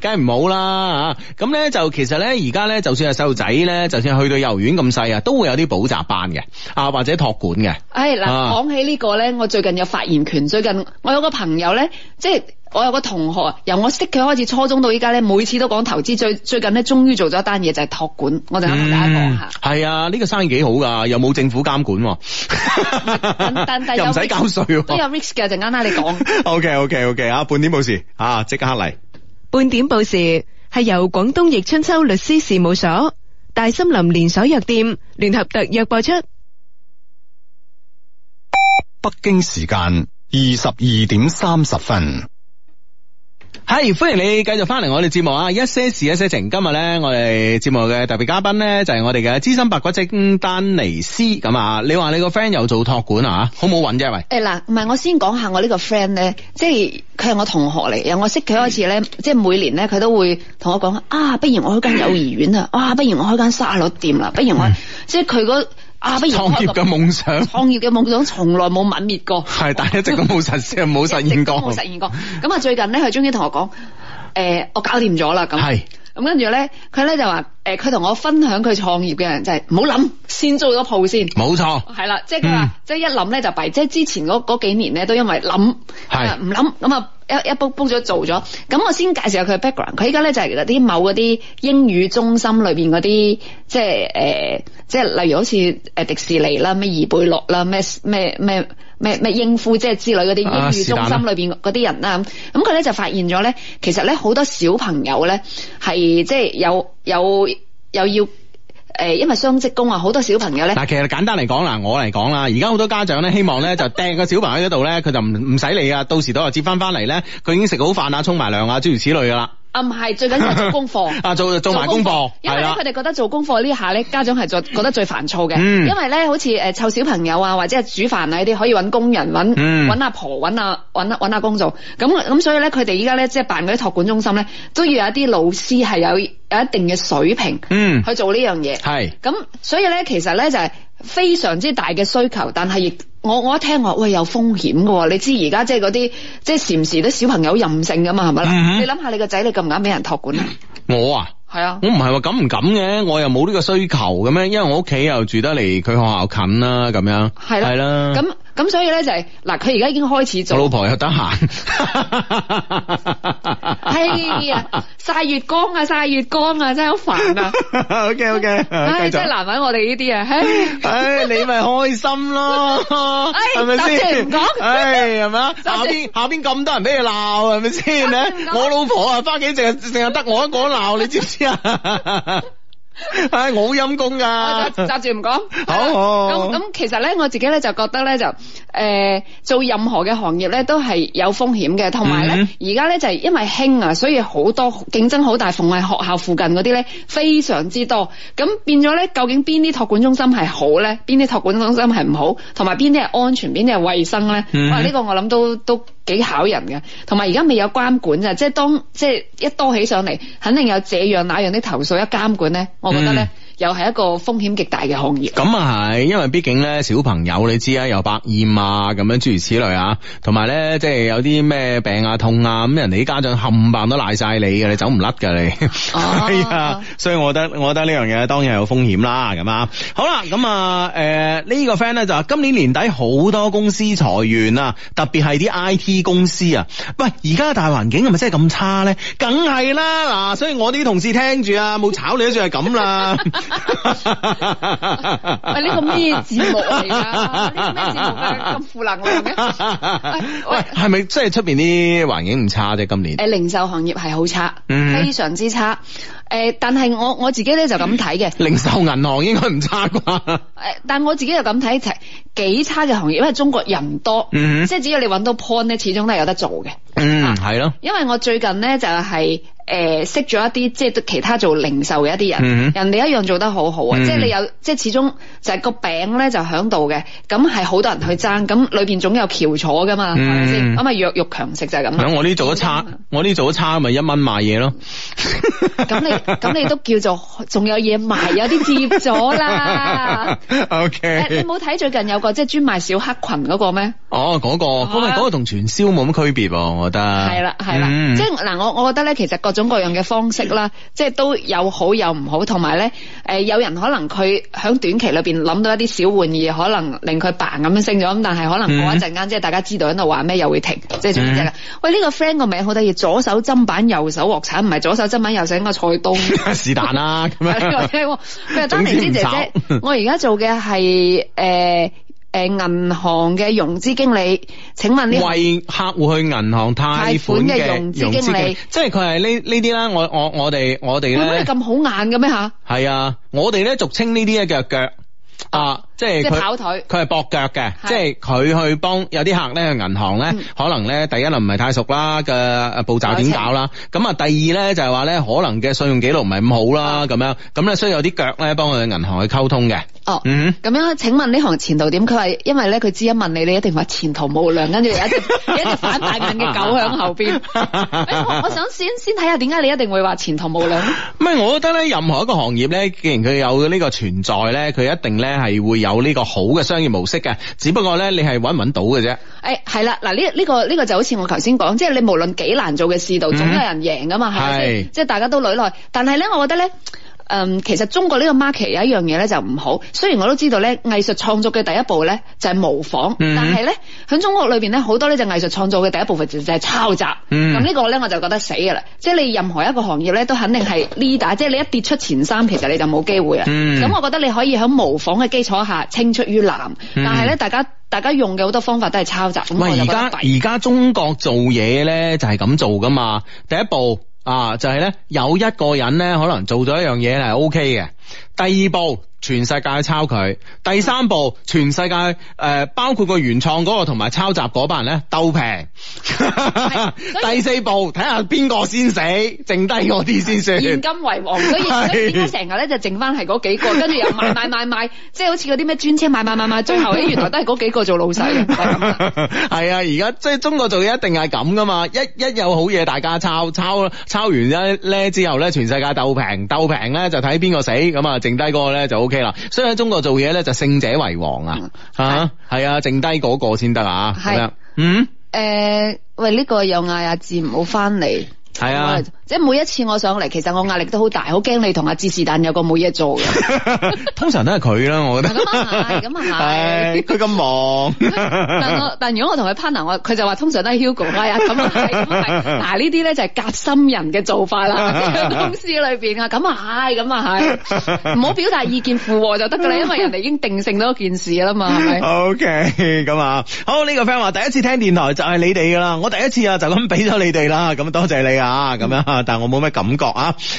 [SPEAKER 1] 梗係 唔好啦，咁咧就其實咧而家咧就算係細路仔咧，就算去到幼兒園咁細啊，都會有啲補習班嘅。啊或者托管嘅，誒嗱，講
[SPEAKER 3] 起呢、這個咧、啊，我最近有發言權。最近我有個朋友咧，即係我有個同學，由我識佢開始，初中到依家咧，每次都講投資。最最近咧，終於做咗一單嘢就係、是、託管。我就想同大家講
[SPEAKER 1] 下，係啊，呢、這個生意幾好噶，又冇政府監管， 但係又唔使交稅，都有
[SPEAKER 3] risk 嘅、啊，就啱啱你
[SPEAKER 1] 講。 OK OK OK，啊，半點報時啊，即刻嚟。
[SPEAKER 3] 半點報時，係由廣東易春秋律師事務所。大森林連鎖藥店聯合特約播出。北京
[SPEAKER 1] 時間二十二點三十分。係歡迎你繼續翻嚟我哋節目啊！一些事一些情，今日咧我哋節目嘅特別嘉賓咧就係我哋嘅資深白骨精丹尼斯咁啊！你話你個 friend 又做托管啊？好唔好穩啫？喂、
[SPEAKER 3] 哎！誒嗱，唔係我先講下我呢個 friend 咧，即係佢係我同學嚟。嘅，我識佢開始咧， 即係每年咧佢都會同我講啊，不如我開間幼兒園啊，哇，不如我開間沙律店啦，不如我 即係佢嗰。啊！不如創業嘅夢想，創業嘅夢想從來冇泯滅過。係
[SPEAKER 1] 但係一直都冇實現，冇實現過。冇 實
[SPEAKER 3] 現過。咁啊，最近咧，佢終於同我講，誒、欸，我搞掂咗啦。咁係。咁跟住咧，佢咧就話，誒，佢同我分享佢創業嘅，人，就係唔好諗，先租咗鋪先。冇錯。係啦，即係佢話，即、嗯、係一諗咧就弊，即、就、係、是、之前嗰幾年咧都因為諗，係唔諗咁啊。一一煲煲咗做咗，咁我先介紹下佢嘅 background。佢依家咧就係嗰啲某嗰啲英語中心裏邊嗰啲，即係、呃、即係例如好似迪士尼啦、咩兒貝樂啦、咩咩咩咩咩英孚即係之類嗰啲英語中心裏邊嗰啲人啦。咁佢咧就發現咗咧，其實咧好多小朋友咧係即係有有有要。誒，因為雙職工啊，好多小朋友咧，嗱，
[SPEAKER 1] 其實簡單嚟講，嗱，我嚟講啦，而家好多家長咧，希望咧就掟個小朋友喺度咧，佢 就唔唔使理啊，到時都話接翻翻嚟咧，佢已經食好飯啊，沖埋涼啊，諸如此類噶啦。
[SPEAKER 3] 唔係最緊要係做功課，啊
[SPEAKER 1] 做做埋功課，因為咧，佢哋
[SPEAKER 3] 覺得做功課呢下咧，家長係做覺得最煩躁嘅。嗯、因為咧，好似誒湊小朋友啊，或者係煮飯啊呢啲，可以揾工人揾揾阿婆揾阿揾揾阿公做咁咁，所以咧，佢哋依家咧即係辦嗰啲托管中心咧，都要有一啲老師係有有一定嘅水平，嗯，去做呢樣嘢係咁，所以咧，其實咧就係非常之大嘅需求，但係亦。我我一聽話喂有風險喎。你知而家即係嗰啲即係時唔時都小朋友任性噶嘛，係咪啦？你諗下你個仔，你敢唔敢俾人託管？我啊係啊，
[SPEAKER 1] 我唔係話敢唔敢嘅，我又冇呢個需求嘅咩？因為我屋企又住得嚟佢學校近啦，咁樣係啦，係啦咁。
[SPEAKER 3] 咁所以咧就係、是，嗱佢而家已經開始做，我老婆又得閒，係啊晒月光啊晒月光啊真係好煩啊
[SPEAKER 1] ，OK OK 唉，真係難
[SPEAKER 3] 搵我哋呢啲啊，唉、okay, okay, 哎哎哎，你咪開心咯，係咪先？講，唉
[SPEAKER 1] 係咪啊？下邊下邊咁多人俾你鬧係咪先咧？我老婆啊，翻屋企成日得我一個鬧，你知唔知啊？ 係、 哎、我好陰功噶，我
[SPEAKER 3] 揸住唔講。好咁咁，其實咧我自己咧就覺得咧就誒、呃，做任何嘅行業咧都係有風險嘅，同埋咧而家咧就係、是、因為興啊，所以好多競爭好大，逢係學校附近嗰啲咧非常之多。咁變咗咧，究竟邊啲托管中心係好咧，邊啲托管中心係唔好，同埋邊啲係安全，邊啲係衛生咧？哇、嗯、呢、啊這個我諗都都。都幾考人嘅，同埋而家未有監管咋，即係當即係一多起上嚟，肯定有這樣那樣的投訴，一監管咧，我覺得咧。嗯。又係一
[SPEAKER 1] 個風險極大嘅行業，咁啊係，因為畢竟咧小朋友，你知啊，有百厭啊，咁樣諸如此類啊，同埋咧即係有啲咩病啊痛啊，咁人哋啲家長冚唪唥都賴晒你嘅，你走唔甩噶你，係啊， 啊、所以我覺得我覺得呢樣嘢當然係有風險啦，咁啊，好啦，咁啊誒呢個 friend 咧就話今年年底好多公司裁員啊，特別係啲 IT 公司啊，喂，而家大環境係咪真係咁差咧？梗係啦，嗱，所以我啲同事聽住啊，冇炒你都算係咁啦。
[SPEAKER 4] 喂，呢個咩節目嚟噶？呢個咩節目啊？咁
[SPEAKER 3] 負能量
[SPEAKER 1] 嘅？喂，係咪即係出邊啲環境唔差啫？今年
[SPEAKER 3] 誒，零售行業係好差，mm-hmm. 非常之差。誒，但係我我自己咧就咁睇嘅。零售銀行應
[SPEAKER 1] 該唔差啩？
[SPEAKER 3] 誒，但我自己就咁睇，其實幾差嘅行業，因為中國人多，即係，mm-hmm. 只要你揾到 point 咧，始終都係有得做嘅。嗯，係咯。因為我最近咧就係、是、誒、呃、識咗一啲即係其他做零售嘅一啲人，嗯、人哋一樣做得好好啊、嗯！即係你有即係始終就係個餅咧就響度嘅，咁係好多人去爭，咁裏邊總有翹楚噶嘛，係咪先？咁啊弱肉強食就係咁。咁
[SPEAKER 1] 我呢做咗差，我呢做咗差，咪一蚊賣嘢咯。咁 你咁你都
[SPEAKER 3] 叫做仲有嘢賣，有啲貼咗啦。
[SPEAKER 1] OK，你冇
[SPEAKER 3] 睇最近有個即係專賣小黑裙嗰個咩？
[SPEAKER 1] 哦，嗰、那個，咁啊，嗰、那個同傳銷冇乜區別。係
[SPEAKER 3] 啦，係啦，即係嗱，我我覺得咧，其實各種各樣嘅方式啦，即係都有好有唔好，同埋咧，誒，有人可能佢響短期裏邊諗到一啲小玩意，可能令佢嘭咁樣升咗，咁但係可能過一陣間，即、嗯、係大家知道喺度話咩，又會停。即係小姐，喂，呢、這個 friend 個名好得意，左手砧板，右手鑊鏟，唔係左手砧板，右手一個菜刀，
[SPEAKER 1] 是但啦。咁樣
[SPEAKER 3] 佢話，丹玲芝姐姐，我而家做嘅係誒。呃誒、呃，銀行嘅融資經理，請問呢？為
[SPEAKER 1] 客戶去銀行貸款嘅融資經，經理，即係佢係呢呢啲啦。我我我哋我哋咧，
[SPEAKER 3] 咁好眼嘅咩吓？
[SPEAKER 1] 係啊，我哋咧俗稱呢啲一腳腳啊。哦。即係佢，跑腿，佢係駁腳嘅，即係佢去幫有啲客咧去銀行咧，可能咧第一輪唔係太熟啦嘅誒步驟點搞啦。咁啊，第二咧就係話咧，可能嘅信用記錄唔係咁好啦，咁樣咁咧，需要有啲腳咧幫佢去銀行去溝通嘅。哦，
[SPEAKER 3] 嗯，咁樣請問呢行前途點？佢話因為咧佢知一問你，你一定話前途無量，跟住一隻一隻反大眼嘅狗喺後邊。
[SPEAKER 1] 我我
[SPEAKER 3] 想先先睇下點解你一定會話前途無量。
[SPEAKER 1] 唔係，我覺得咧，任何一個行業咧，既然佢有呢個存在咧，佢一定咧係會有。有呢個好嘅商業模式嘅，只不過咧你係搵唔搵到嘅啫。
[SPEAKER 3] 誒、哎，係啦，嗱呢呢個呢、這個就好似我頭先講，即、就、係、是、你無論幾難做嘅事道，總有人贏噶嘛，係、嗯，即係、就是、大家都磊耐。但係咧，我覺得咧。嗯，其實中國呢個 market 有一樣嘢，咧就唔好，雖然我都知道咧藝術創作嘅第一步咧就係模仿，嗯、但係咧喺中國裏邊咧好多呢就藝術創作嘅第一部分就就係抄襲，咁、嗯、呢個咧我就覺得死噶啦，即、就、係、是、你任何一個行業咧都肯定係 leader，即係你一跌出前三，其實你就冇機會啊。咁、嗯、我覺得你可以喺模仿嘅基礎下青出於藍，嗯、但係咧大家大家用嘅好多方法都係抄襲，咁我而家而
[SPEAKER 1] 家中國做嘢咧就係咁做噶嘛，第一步。啊，就係咧，有一個人咧，可能做咗一樣嘢係 OK 嘅，第二步。全世界抄佢，第三步、嗯、全世界誒、呃，包括個原創嗰個同埋抄襲嗰班人咧鬥平。第四步睇下邊個先死，剩低嗰啲先算。現金為王，所以而家
[SPEAKER 3] 成日咧就剩翻係嗰幾個，跟住又買買買買，即 係好似嗰啲咩專車買買買買，最後原來都係嗰幾個做老細。
[SPEAKER 1] 係、就是、 啊，而家即係中國做嘢一定係咁噶嘛，一一有好嘢大家抄，抄抄完一咧之後咧，全世界鬥平，鬥平咧就睇邊個死，咁啊剩低嗰個咧就。O K 啦，所以喺中國做嘢咧就是、勝者為王、嗯、啊，吓係啊，剩低嗰個先得啊，係，
[SPEAKER 3] 嗯，誒、呃，喂，呢、呢個又嗌阿志唔好翻嚟，係啊。即係每一次我上嚟，其實我壓力都好大，好驚你同阿芝是但有個冇嘢做嘅。
[SPEAKER 1] 通常都係佢啦，我覺得。咁啊係，咁啊係。佢 咁忙
[SPEAKER 3] 但。但如果我同佢 partner，佢就話通常都係 Hugo 係啊咁啊係咁嗱呢啲咧就係夾心人嘅做法啦， 公司裏邊啊咁啊係咁啊係。
[SPEAKER 1] 唔 好
[SPEAKER 3] 表達意見附和就得噶啦， 因為人哋已經定性咗件事啦嘛，係
[SPEAKER 1] 咪？OK，咁啊好呢個 friend 話第一次聽電台就係你哋噶啦，我第一次啊就咁俾咗你哋啦，咁多謝你啊咁樣。但我冇咩感覺啊，係咁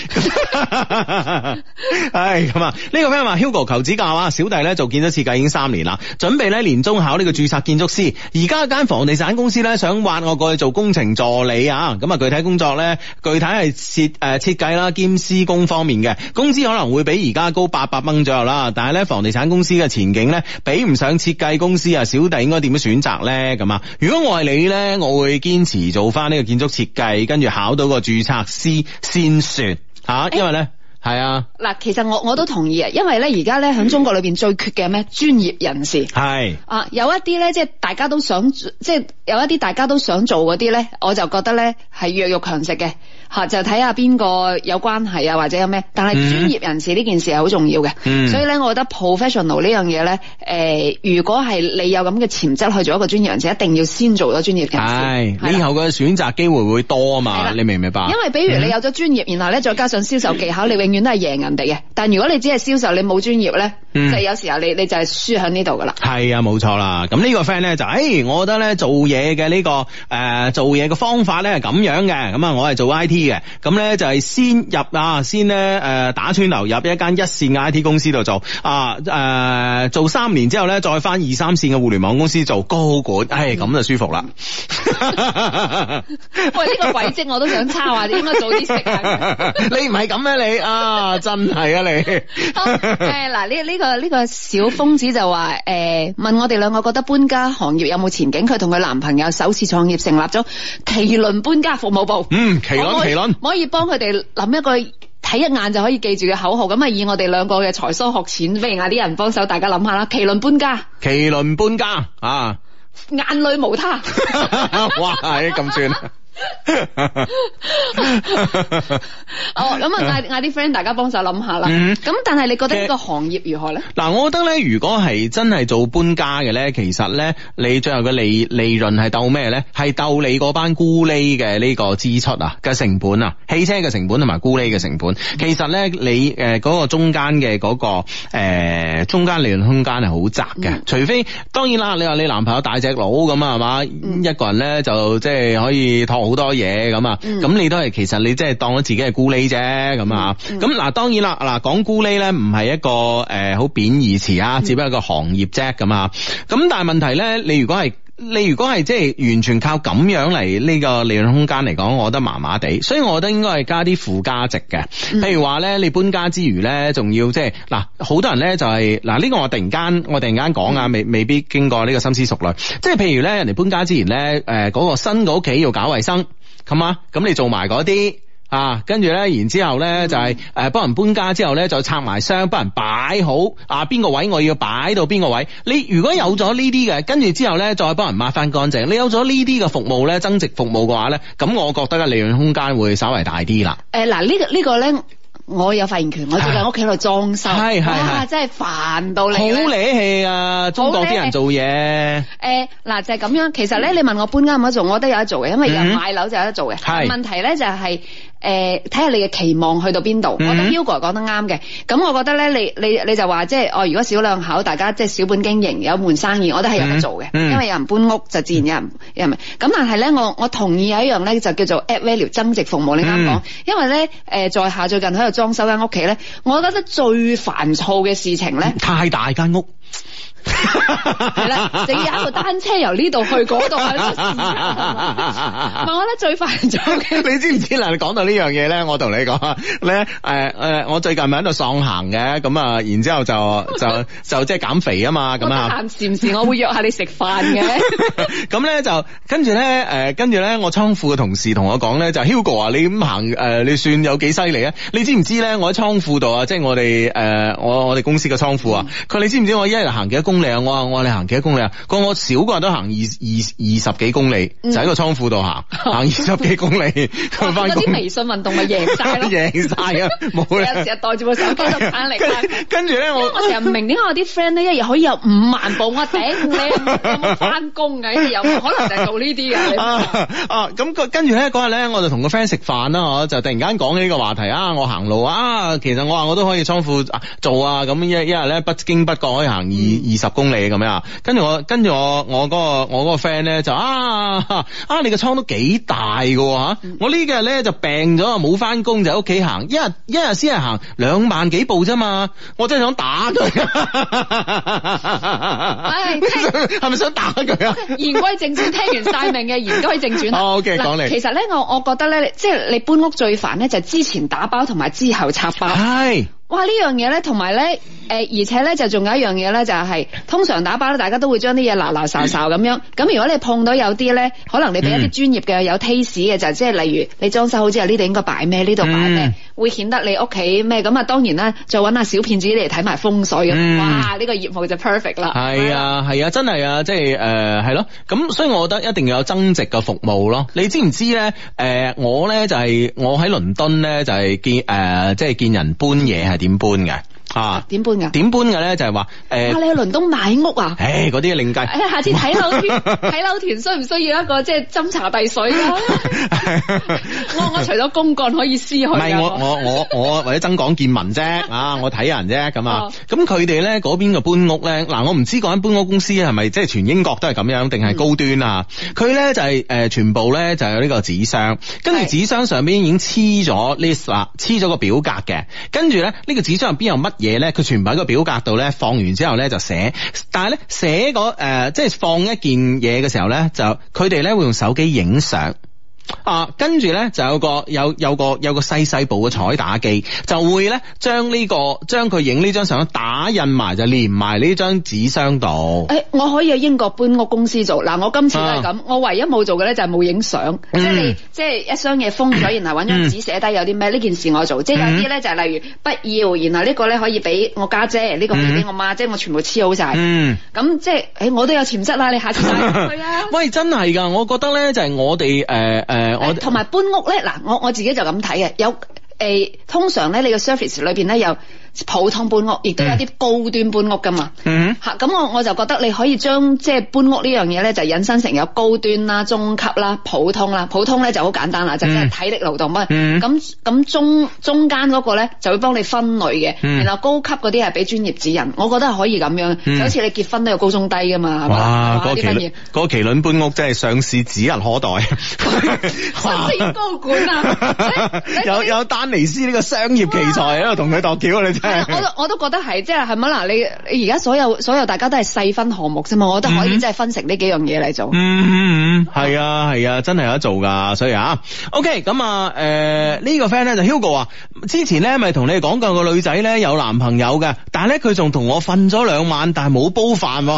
[SPEAKER 1] 啊。呢、 哎這個 friend 話 Hugo 求指教啊，小弟咧做建築設計已經三年啦，準備咧年中考呢個注冊建築師。而家間房地產公司咧想挖我過去做工程助理啊，咁啊具體工作咧具體係設誒設計啦兼施工方面嘅，工資可能會比而家高八百蚊左右啦。但係咧房地產公司嘅前景咧比唔上設計公司啊，小弟應該點樣選擇咧？咁啊，如果我係你咧，我會堅持做翻呢個建築設計，跟住考到個注冊。先先說吓，因為咧係，欸，啊，
[SPEAKER 3] 嗱，其實我我都同意啊，因為咧而家咧響中國裏邊最缺嘅咩專業人士係啊，有一啲咧即係大家都想即係有一啲大家都想做嗰啲咧，我就覺得咧係弱肉強食嘅。吓就睇下邊個有關係啊或者有咩，但係專業人士呢件事係好重要嘅、嗯，所以咧我覺得 professional 呢樣嘢咧，誒、呃、如果係你有咁嘅潛質去做一個專業人士，一定要先做咗專業人
[SPEAKER 1] 士。你以後嘅選擇機會會多啊嘛，你明唔明白？因為比如你
[SPEAKER 3] 有咗專業，然後咧再加上銷售技巧，嗯、你永遠都係贏人哋嘅。但如果你只係銷售，你冇專業咧、嗯，即係有時候你你就係輸喺呢度噶啦。
[SPEAKER 1] 係啊，冇錯啦。咁呢個 friend 咧就，誒、哎、我覺得咧做嘢嘅呢個誒、呃、做嘢嘅方法咧係咁樣嘅。咁啊，我係做 IT。嘅咁咧就係、是、先入啊，先咧誒、呃、打穿流入一間一線嘅 I T 公司度做啊誒、呃、做三年之後咧再返二三線嘅互聯網公司做高管，唉、哎，咁就舒服啦。嗯、
[SPEAKER 3] 喂，呢、這個軌跡我都想抄啊，你應該
[SPEAKER 1] 早啲識啊。你唔係咁咩？你啊真係啊你。
[SPEAKER 3] 嗱呢呢個呢、這個小瘋子就話誒、呃、問我哋兩個覺得搬家行業有冇前景？佢同佢男朋友首次創業成立咗奇輪搬家服務部。嗯，奇輪。麒麟可以幫佢哋諗一個睇一眼就可以記住嘅口號，咁啊以我哋兩個嘅才疏學淺，歡迎啲人幫手，大家諗下啦。麒麟搬家，
[SPEAKER 1] 麒麟搬家啊，
[SPEAKER 3] 眼淚無他。
[SPEAKER 1] 哇，咁串。 哦，
[SPEAKER 3] 咁啊，嗌嗌啲 friend，大家幫手諗下啦。咁、嗯、但係你覺得呢個行業如何
[SPEAKER 1] 咧？嗱、嗯，我覺得咧，如果係真係做搬家嘅咧，其實咧，你最後嘅利利潤係鬥咩咧？係鬥你班孤喱嘅呢個支出啊，嘅成本啊，汽車嘅成本同埋孤喱嘅成本。其實咧，你誒個中間嘅、嗰個誒、欸、中間利潤空間係好窄嘅、嗯。除非當然啦，你話你男朋友大隻佬咁啊係嘛、嗯，一個人咧就即係、就是、可以托。好多嘢咁啊，咁你都係、嗯、其實你即係當咗自己係咕喱啫咁啊，咁、嗯、嗱、嗯、當然啦，嗱，講咕喱咧唔係一個誒好貶義詞啊，只不過一個行業啫咁啊，咁、嗯、但係問題咧你如果係。你如果係即係完全靠咁樣嚟呢、這個利潤空間嚟講，我覺得麻麻地，所以我覺得應該係加啲附加值嘅、嗯，譬如話咧，你搬家之餘咧，仲要即係嗱，好多人咧就係、是、嗱、呢、這個我突然間我突然間講啊，未、嗯、未必經過呢個深思熟慮，即係譬如咧，人哋搬家之前咧，誒、那、嗰個新嘅屋企要搞衛生，咁啊，咁你做埋嗰啲。啊，跟住咧，然之後咧就係、是、誒、呃、幫人搬家之後咧，就拆埋箱，幫人擺好。啊，邊個位我要擺到邊個位？你如果有咗呢啲嘅，跟住之後咧，再幫人抹翻乾淨。你有咗呢啲嘅服務咧，增值服務嘅話咧，咁我覺得咧，利潤空間會稍為大啲啦。
[SPEAKER 3] 誒、呃，嗱、這、呢、個這個呢個咧，我有發言權。我自己屋企喺度裝修，係係哇，哇，真係煩到你。好離氣啊！中國啲人做嘢。誒、呃，嗱就係、是、咁樣。其實咧，你問我搬家可唔可以做？我都有得做嘅，因為有買樓就有得做嘅。係、嗯、問題咧就係、是。誒、呃，睇下你嘅期望去到邊度、嗯？我覺得 Ugo 講得啱嘅。咁我覺得咧，你你你就話即係哦，如果小兩口大家即係小本經營有門生意，我都係有得做嘅、嗯。因為有人搬屋就自然有人有人。咁、嗯、但係咧，我我同意有一樣咧就叫做 add value 增值服務。你啱講、嗯，因為咧誒、呃，在下最近喺度裝修間屋企咧，我覺得最煩躁嘅事情咧太大間屋。係 啦， 整一部單車由呢度去嗰度
[SPEAKER 1] 係啦。
[SPEAKER 3] 問我，我覺得最快
[SPEAKER 1] 就 o 你知唔知？嗱，你講到呢樣嘢咧，我同你講咧，誒誒，我最近咪喺度喪行嘅，咁啊，然之後就就就即係減肥啊嘛，咁 啊。閒
[SPEAKER 3] 時唔時我會約下你食飯嘅。咁 咧
[SPEAKER 1] 就跟住咧，誒，跟住咧，我倉庫嘅同事同我講咧，就是、Hugo 啊，你咁行誒，你算有幾犀利啊？你知唔知咧、呃？我喺倉庫度啊，即係我哋誒，我我哋公司嘅倉庫啊。佢、嗯、你知唔知我一日行幾多？我我公里啊！我話我話你行幾多公里啊？個我少個人都行二二二十幾公里，就喺個倉庫度行，行二十幾公里翻啲、嗯 啊、微信運動咪贏晒咯，贏 晒啊！冇咧，成日袋住部手機
[SPEAKER 3] 就撐嚟撐。跟住咧，呢我成日唔明點解我啲 friend 咧一日可以有五萬步頂？我 頂你咁翻工
[SPEAKER 1] 嘅，有，有可能就係做呢啲啊，咁、啊、跟住咧嗰日咧，我就同個 friend 食飯啦，我就突然間講起呢個話題啊！我行路啊，其實我話我都可以倉庫、啊、做啊，咁一一日咧不經不覺可以行二二。 十公里咁樣，跟住我，跟住我，我嗰個，我嗰個 friend 咧就啊啊，你個倉都幾大噶吓、啊，我呢幾日咧就病咗，冇翻工，就喺屋企行一日，一日先係行兩萬幾步咋嘛，我真係想打佢，係 咪、哎、想，想打佢啊？ 言歸正傳，聽完晒命嘅言歸正傳。
[SPEAKER 3] O K，講嚟，其實咧我我覺得咧，即係你搬屋最煩咧就之前打包同埋之後拆包。係。.哇！呢樣嘢咧，同埋咧，誒，而且咧就仲有一樣嘢咧，就係通常打包咧，大家都會將啲嘢嗱嗱潲咁樣。咁如果你碰到有啲咧，可能你俾一啲專業嘅有 taste 嘅，就即係例如你裝修好之後呢度應該擺咩？呢度擺咩？會顯得你屋企咩？咁啊，當然啦，再搵下小騙子嚟睇埋風水咁。哇！呢、這個業務就 perfect 啦。
[SPEAKER 1] 係啊，係啊，真係啊，即係誒，係、呃、咯。咁所以我覺得一定要有增值嘅服務咯。你知唔知咧？誒、呃，我咧就係、是、我喺倫敦咧就係見誒，即、呃、係、就是、見人搬嘢係。點搬噶？啊，點搬噶？點搬噶咧？就係話誒，你去
[SPEAKER 3] 倫敦買屋啊？誒、哎，
[SPEAKER 1] 嗰啲另計，誒、哎，下次睇樓團，睇樓
[SPEAKER 3] 團 需唔需要一個即係、就是、斟茶遞水？ 我我除咗公幹可以私去，唔係我
[SPEAKER 1] 我我我或者增廣見聞啫啊！我睇 人啫咁啊！咁佢哋咧嗰邊嘅搬屋咧，嗱，我唔知嗰間搬屋公司係咪即係全英國都係咁樣，定係高端啊？佢、嗯、咧就係、是、誒、呃，全部咧就係、是、有呢個紙箱，跟住紙箱上邊已經黐咗 list 啦，黐咗個表格嘅，跟住咧呢、這個紙箱入邊有乜？嘢咧，佢全部喺個表格度咧放完之後咧就寫，但係咧寫嗰誒即係放一件嘢嘅時候咧就，佢哋咧會用手機影相。啊，跟住咧就有個有有個有個細細部嘅彩打機，就會咧將呢將、這個將佢影呢張相打印埋就連埋呢張紙箱度。誒、欸，
[SPEAKER 3] 我可以喺英國搬屋公司做。嗱，我今次都係咁，我唯一冇做嘅咧就係冇影相。即係你即係一箱嘢封咗，然後搵張紙寫低有啲咩？呢、嗯、件事我做。嗯、即係有啲咧就係、是、例如不要，然後呢個咧可以俾我家姐，姐，呢、這個俾俾、嗯、我媽即係我全部黐好晒。咁、嗯、即係誒、欸，我都有潛質啦。你下次去啊？ 喂，真係
[SPEAKER 1] 噶，我覺得咧就係、是、我哋誒誒。呃誒，
[SPEAKER 3] 同埋搬屋咧，嗱，我我自己就咁睇嘅，有誒，欸，通常咧，你個 service 裏邊咧有。普通搬屋，亦都有啲高端搬屋噶嘛。吓、mm、咁 -hmm. 啊、我我就覺得你可以將即係、就是、搬屋呢樣嘢咧，就是、引申成有高端啦、中級啦、普通啦。普通咧就好簡單啦，mm -hmm. 就真係體力勞動啦。咁、mm、咁 -hmm. 啊、中中間嗰個咧就會幫你分類嘅。然、mm、後 -hmm. 高級嗰啲係俾專業指引。我覺得係可以咁樣，mm -hmm. 就好似你結婚都有高中低噶嘛。哇，啊那個奇、那
[SPEAKER 1] 個麒麟、那個、搬屋真係上市指日可待。 高管啊， 欸、有有丹尼斯呢個商業奇才喺度同佢度橋，你
[SPEAKER 3] 我我都覺得係，即係係咪嗱？你你而家所有所有大家都係細分項目啫嘛，我覺得可以即係分成呢幾樣嘢嚟做。嗯，
[SPEAKER 1] 係、嗯、啊，係啊，真係有得做噶。所以啊，OK，咁啊，呢、呃呢個 friend 咧就 Hugo 啊，之前咧咪同你哋講過個女仔咧有男朋友嘅，但係咧佢仲同我瞓咗兩晚，但係冇煲飯喎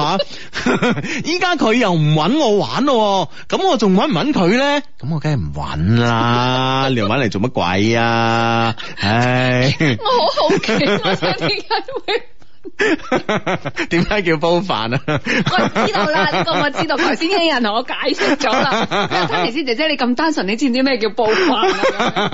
[SPEAKER 1] 嚇。依家佢又唔搵我玩咯，咁我仲搵唔搵佢咧？咁我梗係唔揾啦， 又你又嚟做乜鬼啊？唉、 哎，我好好奇。我點解會？點解叫煲飯啊？我、哎、知
[SPEAKER 3] 道啦、那個，哎，你個我知道。頭先啲人同我解釋咗啦。Tiny 姐姐你咁單純，你知唔知咩叫煲飯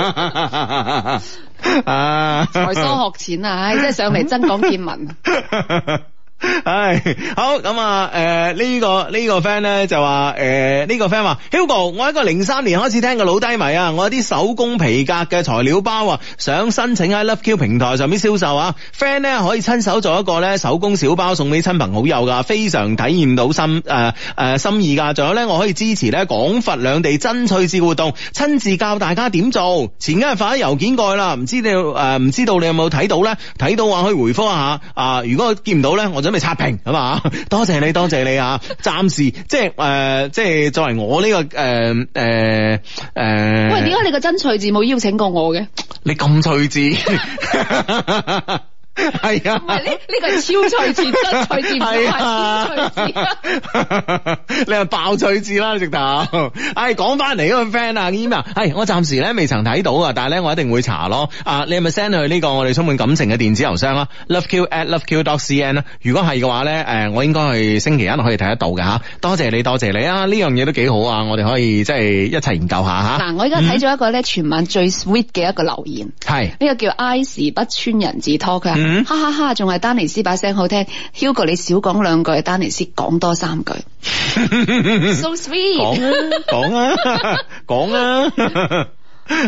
[SPEAKER 3] 啊？
[SPEAKER 4] 才
[SPEAKER 1] 疏學
[SPEAKER 3] 淺啊！唉，即係上嚟真講見聞。
[SPEAKER 1] 唉、哎，好咁啊，誒、呃這個這個、呢、呃這個呢個 friend 咧就話誒呢個 friend 話，Hugo，我喺個零三年開始聽個老低迷啊，我有啲手工皮革嘅材料包啊，想申請喺 Love Q 平台上面銷售啊，friend 咧可以親手做一個咧手工小包送俾親朋好友噶，非常體驗到心誒誒、呃呃、心意噶，仲有咧我可以支持咧廣佛兩地真取志活動，親自教大家點做，前家發咗郵件過啦，唔知你，誒、呃、唔知道你有冇睇到咧？睇到話可以回覆一下啊、呃，如果見唔到咧我就。準備刷屏好嘛！多謝你，多謝你啊！暫 時即係誒，即係、呃、作為我呢、這個誒誒誒，喂，點
[SPEAKER 3] 解你個真趣字冇邀請過我嘅？
[SPEAKER 1] 你咁趣字。 係啊，唔係呢？呢個係超趣字，真趣字唔係超趣字。你話 爆趣字啦，直 頭、哎。唉，講翻嚟嗰個 friend 啊，Emma，係我暫時咧未曾睇到啊。但係咧我一定會查咯。啊，你係咪 send 去呢個我哋充滿感情嘅電子郵箱啦？Love Q at love Q dot C N 啦。LoveQ、如果係嘅話咧，誒，我應該係星期一可以睇得到嘅吓。多謝你，多謝你啊！呢樣嘢都幾好啊，我哋可以即係一齊研究一下吓。嗱、
[SPEAKER 3] 嗯，我而家睇咗一個咧全晚最 sweet 嘅一個留言，係呢個叫 I 時不穿人字拖嘅。哈，哈哈哈，仲係丹尼斯把聲好聽，Hugo 你少講兩句，丹尼斯講多三句
[SPEAKER 1] ，so sweet，講啊，講啊。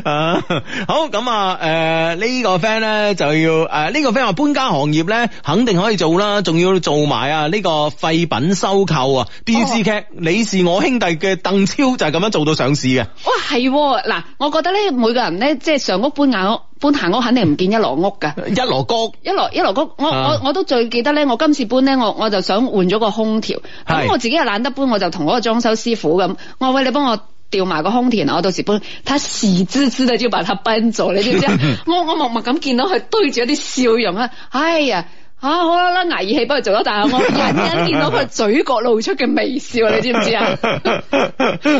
[SPEAKER 1] 啊，好咁啊，誒、呃、呢、這個 friend 咧就要誒呢、呃這個 friend 話搬家行業咧肯定可以做啦，仲要做埋啊呢個廢品收購啊。電視劇你是我兄弟嘅鄧超就係咁樣做到上市嘅。
[SPEAKER 3] 哇係嗱，我覺得咧每個人咧即係上屋搬硬屋搬行屋肯定唔見一籮屋噶，一籮谷一籮一籮谷。我、啊、我我都最記得咧，我今次搬咧我我就想換咗個空調，咁我自己又懶得搬，我就同嗰個裝修師傅咁，我話喂你幫我。掉埋個空田，我到時搬。他喜滋滋地要把它搬咗，你知唔知？ 我我默默咁見到佢堆住一啲笑容啊！哎呀，啊好啦啦，捱氣幫佢做咗大，但我隱隱見到佢嘴角露出嘅微笑，你知唔知 啊？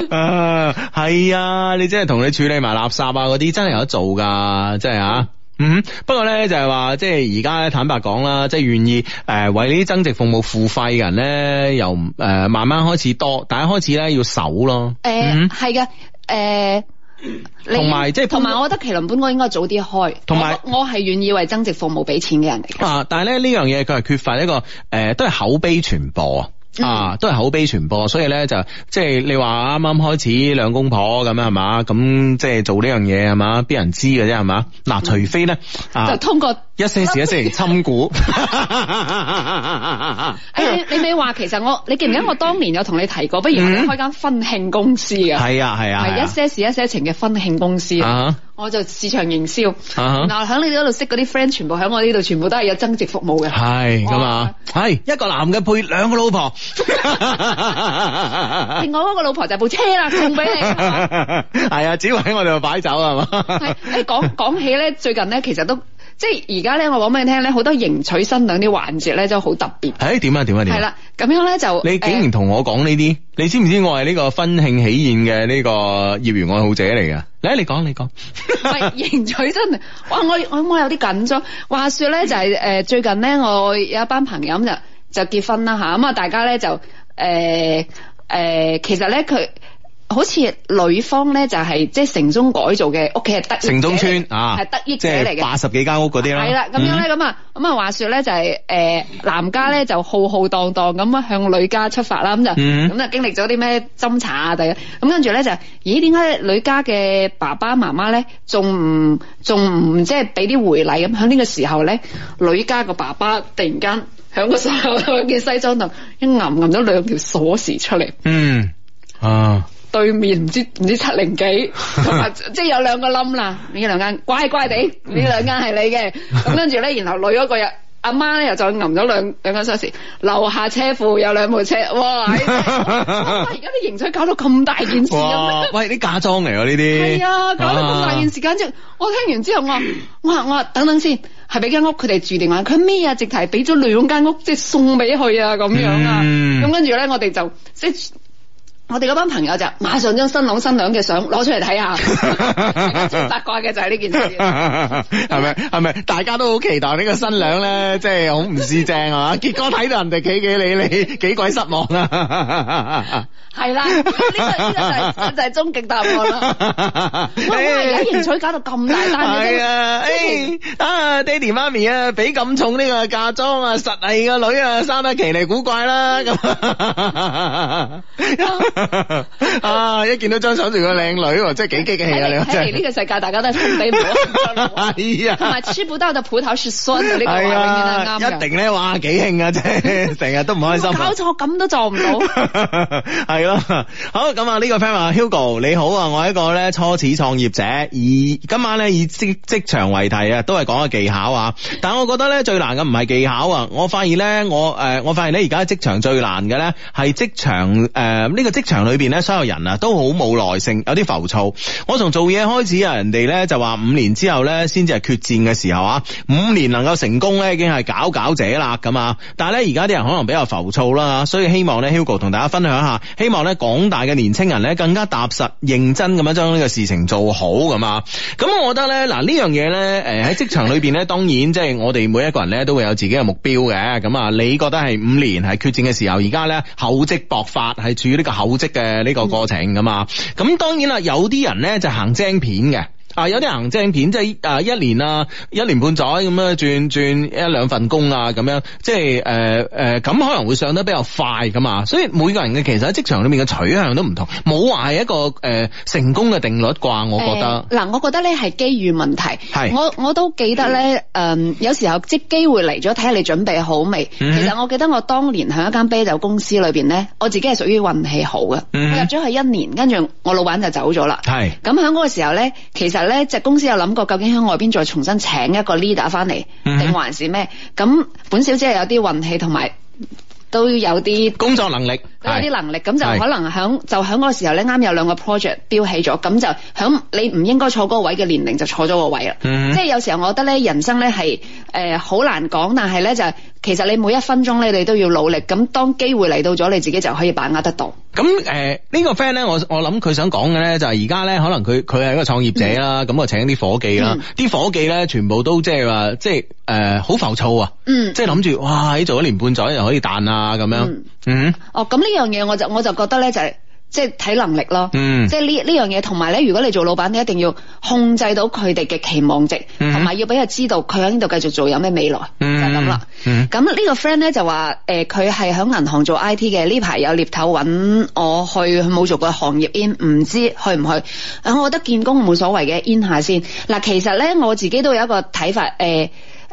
[SPEAKER 3] 啊，
[SPEAKER 1] 係啊！你真係同你處理埋垃圾啊嗰啲真係有得做噶，真係啊！嗯嗯，不過咧就係話，即係而家坦白講啦，即係願意誒為呢啲增值服務付費嘅人咧，又誒慢慢開始多，但係開始咧要守咯。誒、呃，係、嗯、
[SPEAKER 3] 嘅，誒，同埋即係同埋，我覺得麒麟本該應該早啲開。同埋，我係願意為增值服務俾錢嘅人
[SPEAKER 1] 嚟嘅。啊，但係咧呢樣嘢佢係缺乏一個誒、呃，都係口碑傳播啊。啊，都係口碑傳播，所以咧就即係、就是、你話啱啱開始兩公婆咁樣，係嘛，咁即係做呢樣嘢係嘛，俾人知嘅啫係嘛？嗱、啊，除非咧、 啊，就通過。一些事一些情，參股。
[SPEAKER 3] 哎、你未話其實我，你記唔記得我當年有同你提過，不如你開間婚慶公司啊？係
[SPEAKER 1] 啊係啊，係一些
[SPEAKER 3] 事一些情嘅婚慶公司啊。Uh -huh. 我就市場營銷，嗱，響你嗰度識嗰啲 friend，全部喺我呢度，全部，全部都係有增值服務嘅。係咁啊，係、哎、一
[SPEAKER 1] 個男嘅配兩個老婆，另
[SPEAKER 3] 外嗰個老婆就部車啦，送俾
[SPEAKER 1] 你。係 是吧 啊，只要喺我哋度擺酒係嘛？
[SPEAKER 3] 誒，講 講、哎、起咧，最近咧，其實都。即係而家咧，我講俾你聽咧，好多迎娶新娘啲環節咧，真係好特
[SPEAKER 1] 別。誒點啊？點啊？點係啦，
[SPEAKER 3] 咁樣咧就你竟然
[SPEAKER 1] 同我講呢啲，你知唔知我係呢個婚慶喜宴嘅呢個業餘愛好者嚟噶？嚟你講你講，
[SPEAKER 3] 迎 娶新娘哇！我我我有啲緊張。話說咧、就是，就係誒，最近咧，我有一班朋友就就結婚啦吓，咁啊，大家咧就誒誒、呃呃，其實咧佢。.好似女方咧就係即係城中改造嘅屋企係得益城中村啊，係得益者嚟嘅、啊、八
[SPEAKER 1] 十幾間屋嗰啲啦。係啦，咁、嗯、樣咧咁
[SPEAKER 3] 啊咁啊，話說咧就係、是、誒男家咧就浩浩蕩蕩咁啊向女家出發啦，咁就咁就經歷咗啲咩斟茶啊，第咁跟住咧就咦點解女家嘅爸爸媽媽咧仲唔仲唔即係俾啲回禮咁？響呢個時候咧，女家個爸爸突然間響個手件西裝度一揞揞咗兩條鎖匙出嚟。嗯啊。對面唔知唔知七零幾，同埋 即係有兩個冧啦，呢兩間乖乖地，兩間 呢兩間係你嘅。咁跟住咧，然後女嗰個日，阿媽咧又再揞咗兩兩間鎖匙。樓下車庫有兩部車，哇！而家啲形彩，搞到咁大件事啊！
[SPEAKER 1] 喂，啲嫁妝嚟嘅呢啲。係 啊，搞到咁大件事。
[SPEAKER 3] 間、啊，即我聽完之後，我我我等等先，係俾間屋佢哋住定啊？佢咩啊？直提俾咗兩間屋，即、就、係、是、送俾佢啊？咁樣啊？咁跟住咧，我哋就即我哋嗰班朋友就馬上將新郎新娘嘅相攞出嚟睇下，大最
[SPEAKER 1] 八卦嘅就係呢件事，係咪係咪？大家都好期待呢個新娘咧，即係好唔似正啊！結果睇到人哋幾幾你你幾鬼失望啊！係 啦、啊，呢、
[SPEAKER 3] 這個這個就係、是、就係、是、終極答案啦，咁咪引形取搞到咁大
[SPEAKER 1] 單？嘢、哎、啊，誒、哎哎、啊，爹哋媽咪啊，俾咁重呢個嫁妝啊，實係個女啊生得奇離古怪啦咁。啊 啊 啊， 啊！一見到張相住個靚女，即係幾激氣啊！你睇嚟呢個世界 大家都
[SPEAKER 3] 係兄弟母。係啊，同
[SPEAKER 1] 埋吃
[SPEAKER 3] 不到的葡萄是酸，呢 個話 永遠係啱一定咧，哇 搞！幾興
[SPEAKER 1] 啊，即係成日都唔開心。搞
[SPEAKER 3] 錯咁都做唔到。
[SPEAKER 1] 係 咯，好咁啊！呢個 friend 啊，Hugo 你好啊！我係一個咧初始創業者，以今晚咧以職場為題啊，都係講個技巧啊。但係我覺得咧最難嘅唔係技巧啊，我發現咧我誒、呃、我發現咧而家職場最難嘅咧係職場呢、呃呢個職場裏邊咧，所有人啊都好冇耐性，有啲浮躁。我從做嘢開始啊，人哋咧就話五年之後咧，先至係決戰嘅時候啊。五年能夠成功咧，已經係佼佼者啦，咁啊。但係咧，而家啲人可能比較浮躁啦，所以希望咧，Hugo 同大家分享下，希望咧廣大嘅年青人咧更加踏實認真咁樣將呢個事情做好咁啊。咁我覺得咧，嗱呢樣嘢咧，誒喺職場裏邊咧， 當然即係我哋每一個人咧都會有自己嘅目標嘅。咁啊，你覺得係五年係決戰嘅時候？而家咧厚積薄發係處於呢個厚。即係呢個過程噶嘛，咁當然啦，有啲人咧就行精片嘅。啊，有啲行政片，即係啊，一年啊，一年半載咁樣，轉轉一兩份工啊，咁樣，即係誒誒，咁、呃呃、可能會上得比較快噶嘛，所以每個人嘅，其實喺職場裏面嘅取向都唔同，冇話係一個誒、呃、成功嘅定律啩，我覺得。
[SPEAKER 3] 嗱、呃，我覺得呢係機遇問題。係，我我都記得咧，誒、呃，有時候即係機會嚟咗，睇下你準備好未？、嗯。其實我記得我當年喺一間啤酒公司裏邊咧，我自己係屬於運氣好嘅，嗯、入咗去一年，跟住我老闆就走咗啦。係。咁喺嗰個時候咧，其實。咧隻公司有諗過，究竟喺外邊再重新請一個 leader 翻嚟，定、嗯、還是咩？咁本小姐係有啲運氣同埋，都要有啲工作能力，
[SPEAKER 1] 都有啲能力，咁就可能
[SPEAKER 3] 響就響個時候咧，啱有兩個 project 標起咗，咁就響你唔應該坐個位嘅年齡就坐咗個位啦。即、嗯、係、即係、有時候我覺得咧，人生咧係誒好難講，但係咧就係、其實你每一分鐘咧你都要努力，咁當機會嚟到咗，你自己就可以把握得到。
[SPEAKER 1] 咁誒、呃呢個、呢個 friend 咧，我我諗佢想講嘅咧就係而家咧可能佢佢係一個創業者啦，咁、嗯、啊請啲伙計啦，啲、嗯、伙計咧全部都即係話即係誒好浮躁啊，嗯，即係諗住哇喺做一年半載又可以彈啊。啊，咁樣，嗯，
[SPEAKER 3] 嗯哦，咁呢樣嘢，我就我就覺得咧、就是，就係即係睇能力咯，嗯，即係呢呢樣嘢，同埋咧，如果你做老闆，你一定要控制到佢哋嘅期望值，同、嗯、埋要俾佢知道佢喺呢度繼續做有咩未來，嗯、就咁、是、啦，咁、嗯、呢個 friend 咧就話，誒、呃，佢係響銀行做 I T 嘅，呢排有獵頭搵我去，冇做過行業 in，唔知去唔去、呃，我覺得見工冇所謂嘅，in 下先，嗱、呃，其實咧我自己都有一個睇法，誒、呃。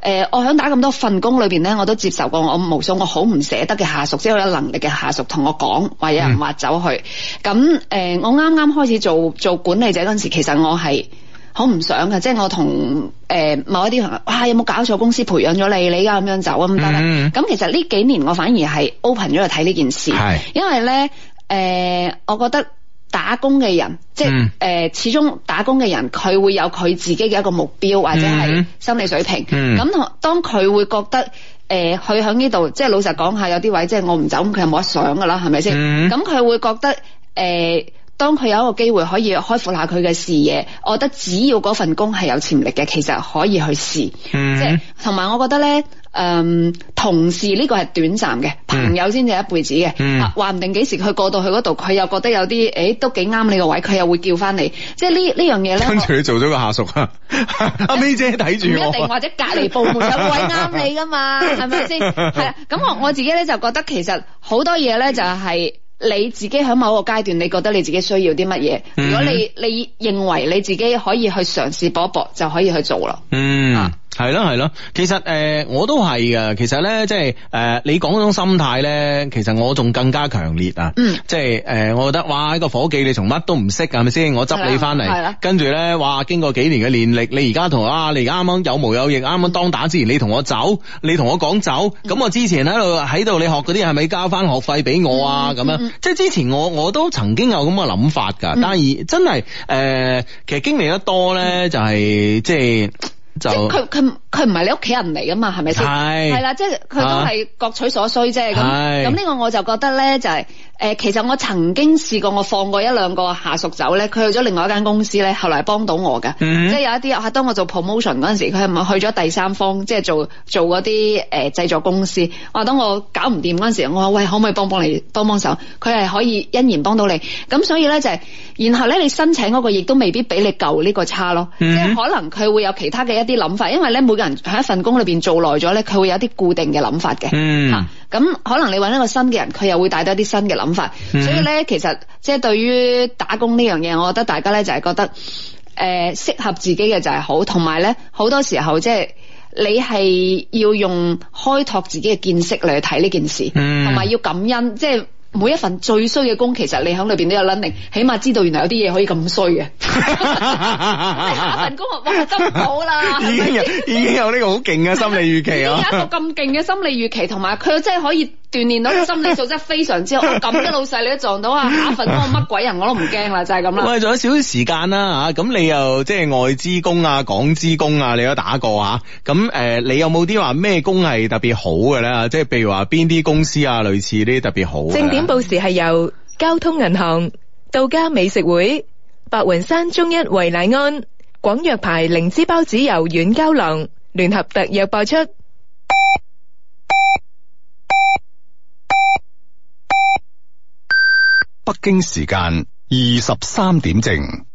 [SPEAKER 3] 誒、呃，我響打咁多份工裏邊咧，我都接受過我無數個我好唔捨得嘅下屬，即係有能力嘅下屬同我講話有人挖走佢。咁、嗯、誒、呃，我啱啱開始做做管理者嗰陣時，其實我係好唔想嘅，即、就、係、是、我同誒、呃、某一啲朋友哇有冇搞錯？公司培養咗你，你而家咁樣走啊咁得啦？咁、嗯、其實呢幾年我反而係 open 咗去睇呢件事，係因為咧誒、呃，我覺得。打工嘅人，即係誒、嗯，始終打工嘅人，佢會有佢自己嘅一個目標或者係心理水平。咁、嗯嗯、當佢會覺得誒，佢喺呢度，即係老實講下，有啲位即係我唔走，咁佢又冇得想噶啦，係咪先？咁、嗯、佢會覺得誒、呃，當佢有一個機會可以開闊下佢嘅視野，我覺得只要嗰份工係有潛力嘅，其實可以去試、嗯。即係同埋，還有我覺得咧。誒、嗯，同事呢個係短暫嘅，朋友先至係一輩子嘅。話、嗯、唔、嗯、定幾時佢過到去嗰度，佢又覺得有啲，誒、欸，都幾啱你個位，佢又會叫翻你。即係呢呢樣嘢咧，跟
[SPEAKER 1] 住佢做咗個下屬 啊。阿 May 姐睇
[SPEAKER 3] 住唔一定或者隔離部門有位啱你噶嘛？係咪先？係啊，咁我我自己咧就覺得，其實好多嘢咧就係你自己喺某個個階段，你覺得你自己需要啲乜嘢？如果你你認為你自己可以去嘗試搏一搏，就可以去做啦。嗯。
[SPEAKER 1] 啊。係咯，係咯，其實誒、呃，我都係噶。其實咧，即係誒，你講嗰種心態咧，其實我仲更加強烈啊。嗯。即係誒，我覺得哇，呢個伙計你從乜都唔識係咪先？我執你翻嚟，係啦。跟住咧，哇，經過幾年嘅練力，你而家同我啊，你而家啱啱有毛有翼，啱啱當打之前，你同我走，你同我講走，咁、嗯、我之前喺度喺度，你學嗰啲係咪交翻學費俾我啊？咁、嗯、樣，即係之前我我都曾經有咁嘅諗法噶，但係真係誒，其實經歷得多咧、就係，就、嗯、係即係。
[SPEAKER 3] 就即係佢佢佢唔係你屋企人嚟噶嘛，係咪先？係係啦，即係佢都係各取所需啫。咁咁呢個我就覺得咧，就係、是、誒、呃，其實我曾經試過我放過一兩個下屬走咧，佢去咗另外一間公司咧，後來幫到我噶、嗯。即係有一啲，我當我做 promotion 嗰陣時，佢係咪去咗第三方，即係做做嗰啲誒製作公司？我、啊、話當我搞唔掂嗰陣時，我話喂，可唔可以幫幫你幫幫手？佢係可以欣然幫到你。咁所以咧就係、是，然後咧你申請嗰個亦都未必比你舊呢個差咯、嗯。即係可能佢會有其他嘅一。啲諗法，因為咧每個人喺一份工裏邊做耐咗咧，佢會有啲固定嘅諗法嘅。嗯，咁、啊、可能你搵一個新嘅人，佢又會帶多啲新嘅諗法、嗯。所以咧，其實即係對於打工呢樣嘢，我覺得大家咧就係覺得誒、呃、適合自己嘅就係好，同埋咧好多時候即、就、係、是、你係要用開拓自己嘅見識嚟睇呢件事，同、嗯、埋要感恩即係。就是每一份最衰嘅工，其實你喺裏邊都有 learning，起碼知道原來有啲嘢可以咁衰嘅。 下一份
[SPEAKER 1] 工
[SPEAKER 3] 我哇得唔到啦，已經有係唔係已經有
[SPEAKER 1] 呢個好勁嘅心理預期啊！一個
[SPEAKER 3] 咁勁嘅心理預期，同埋佢又真係可以鍛鍊到個心理素質，非常之好。咁 嘅、啊、老細你都撞到啊！ 下一份工乜鬼人我都唔驚啦，就係咁啦。喂，仲
[SPEAKER 1] 有少少時間啦、啊、嚇，咁你又即係外資工啊、港資工啊，你都打過啊。咁誒、呃，你有冇啲話咩工係特別好嘅咧？即係譬如話邊啲公司啊，類似呢啲特別好
[SPEAKER 3] 報時係由交通銀行、道家美食會、白雲山中一維奶安、廣藥牌靈芝孢子油軟膠囊聯合特約播出。
[SPEAKER 1] 北京時間二十
[SPEAKER 2] 三點正。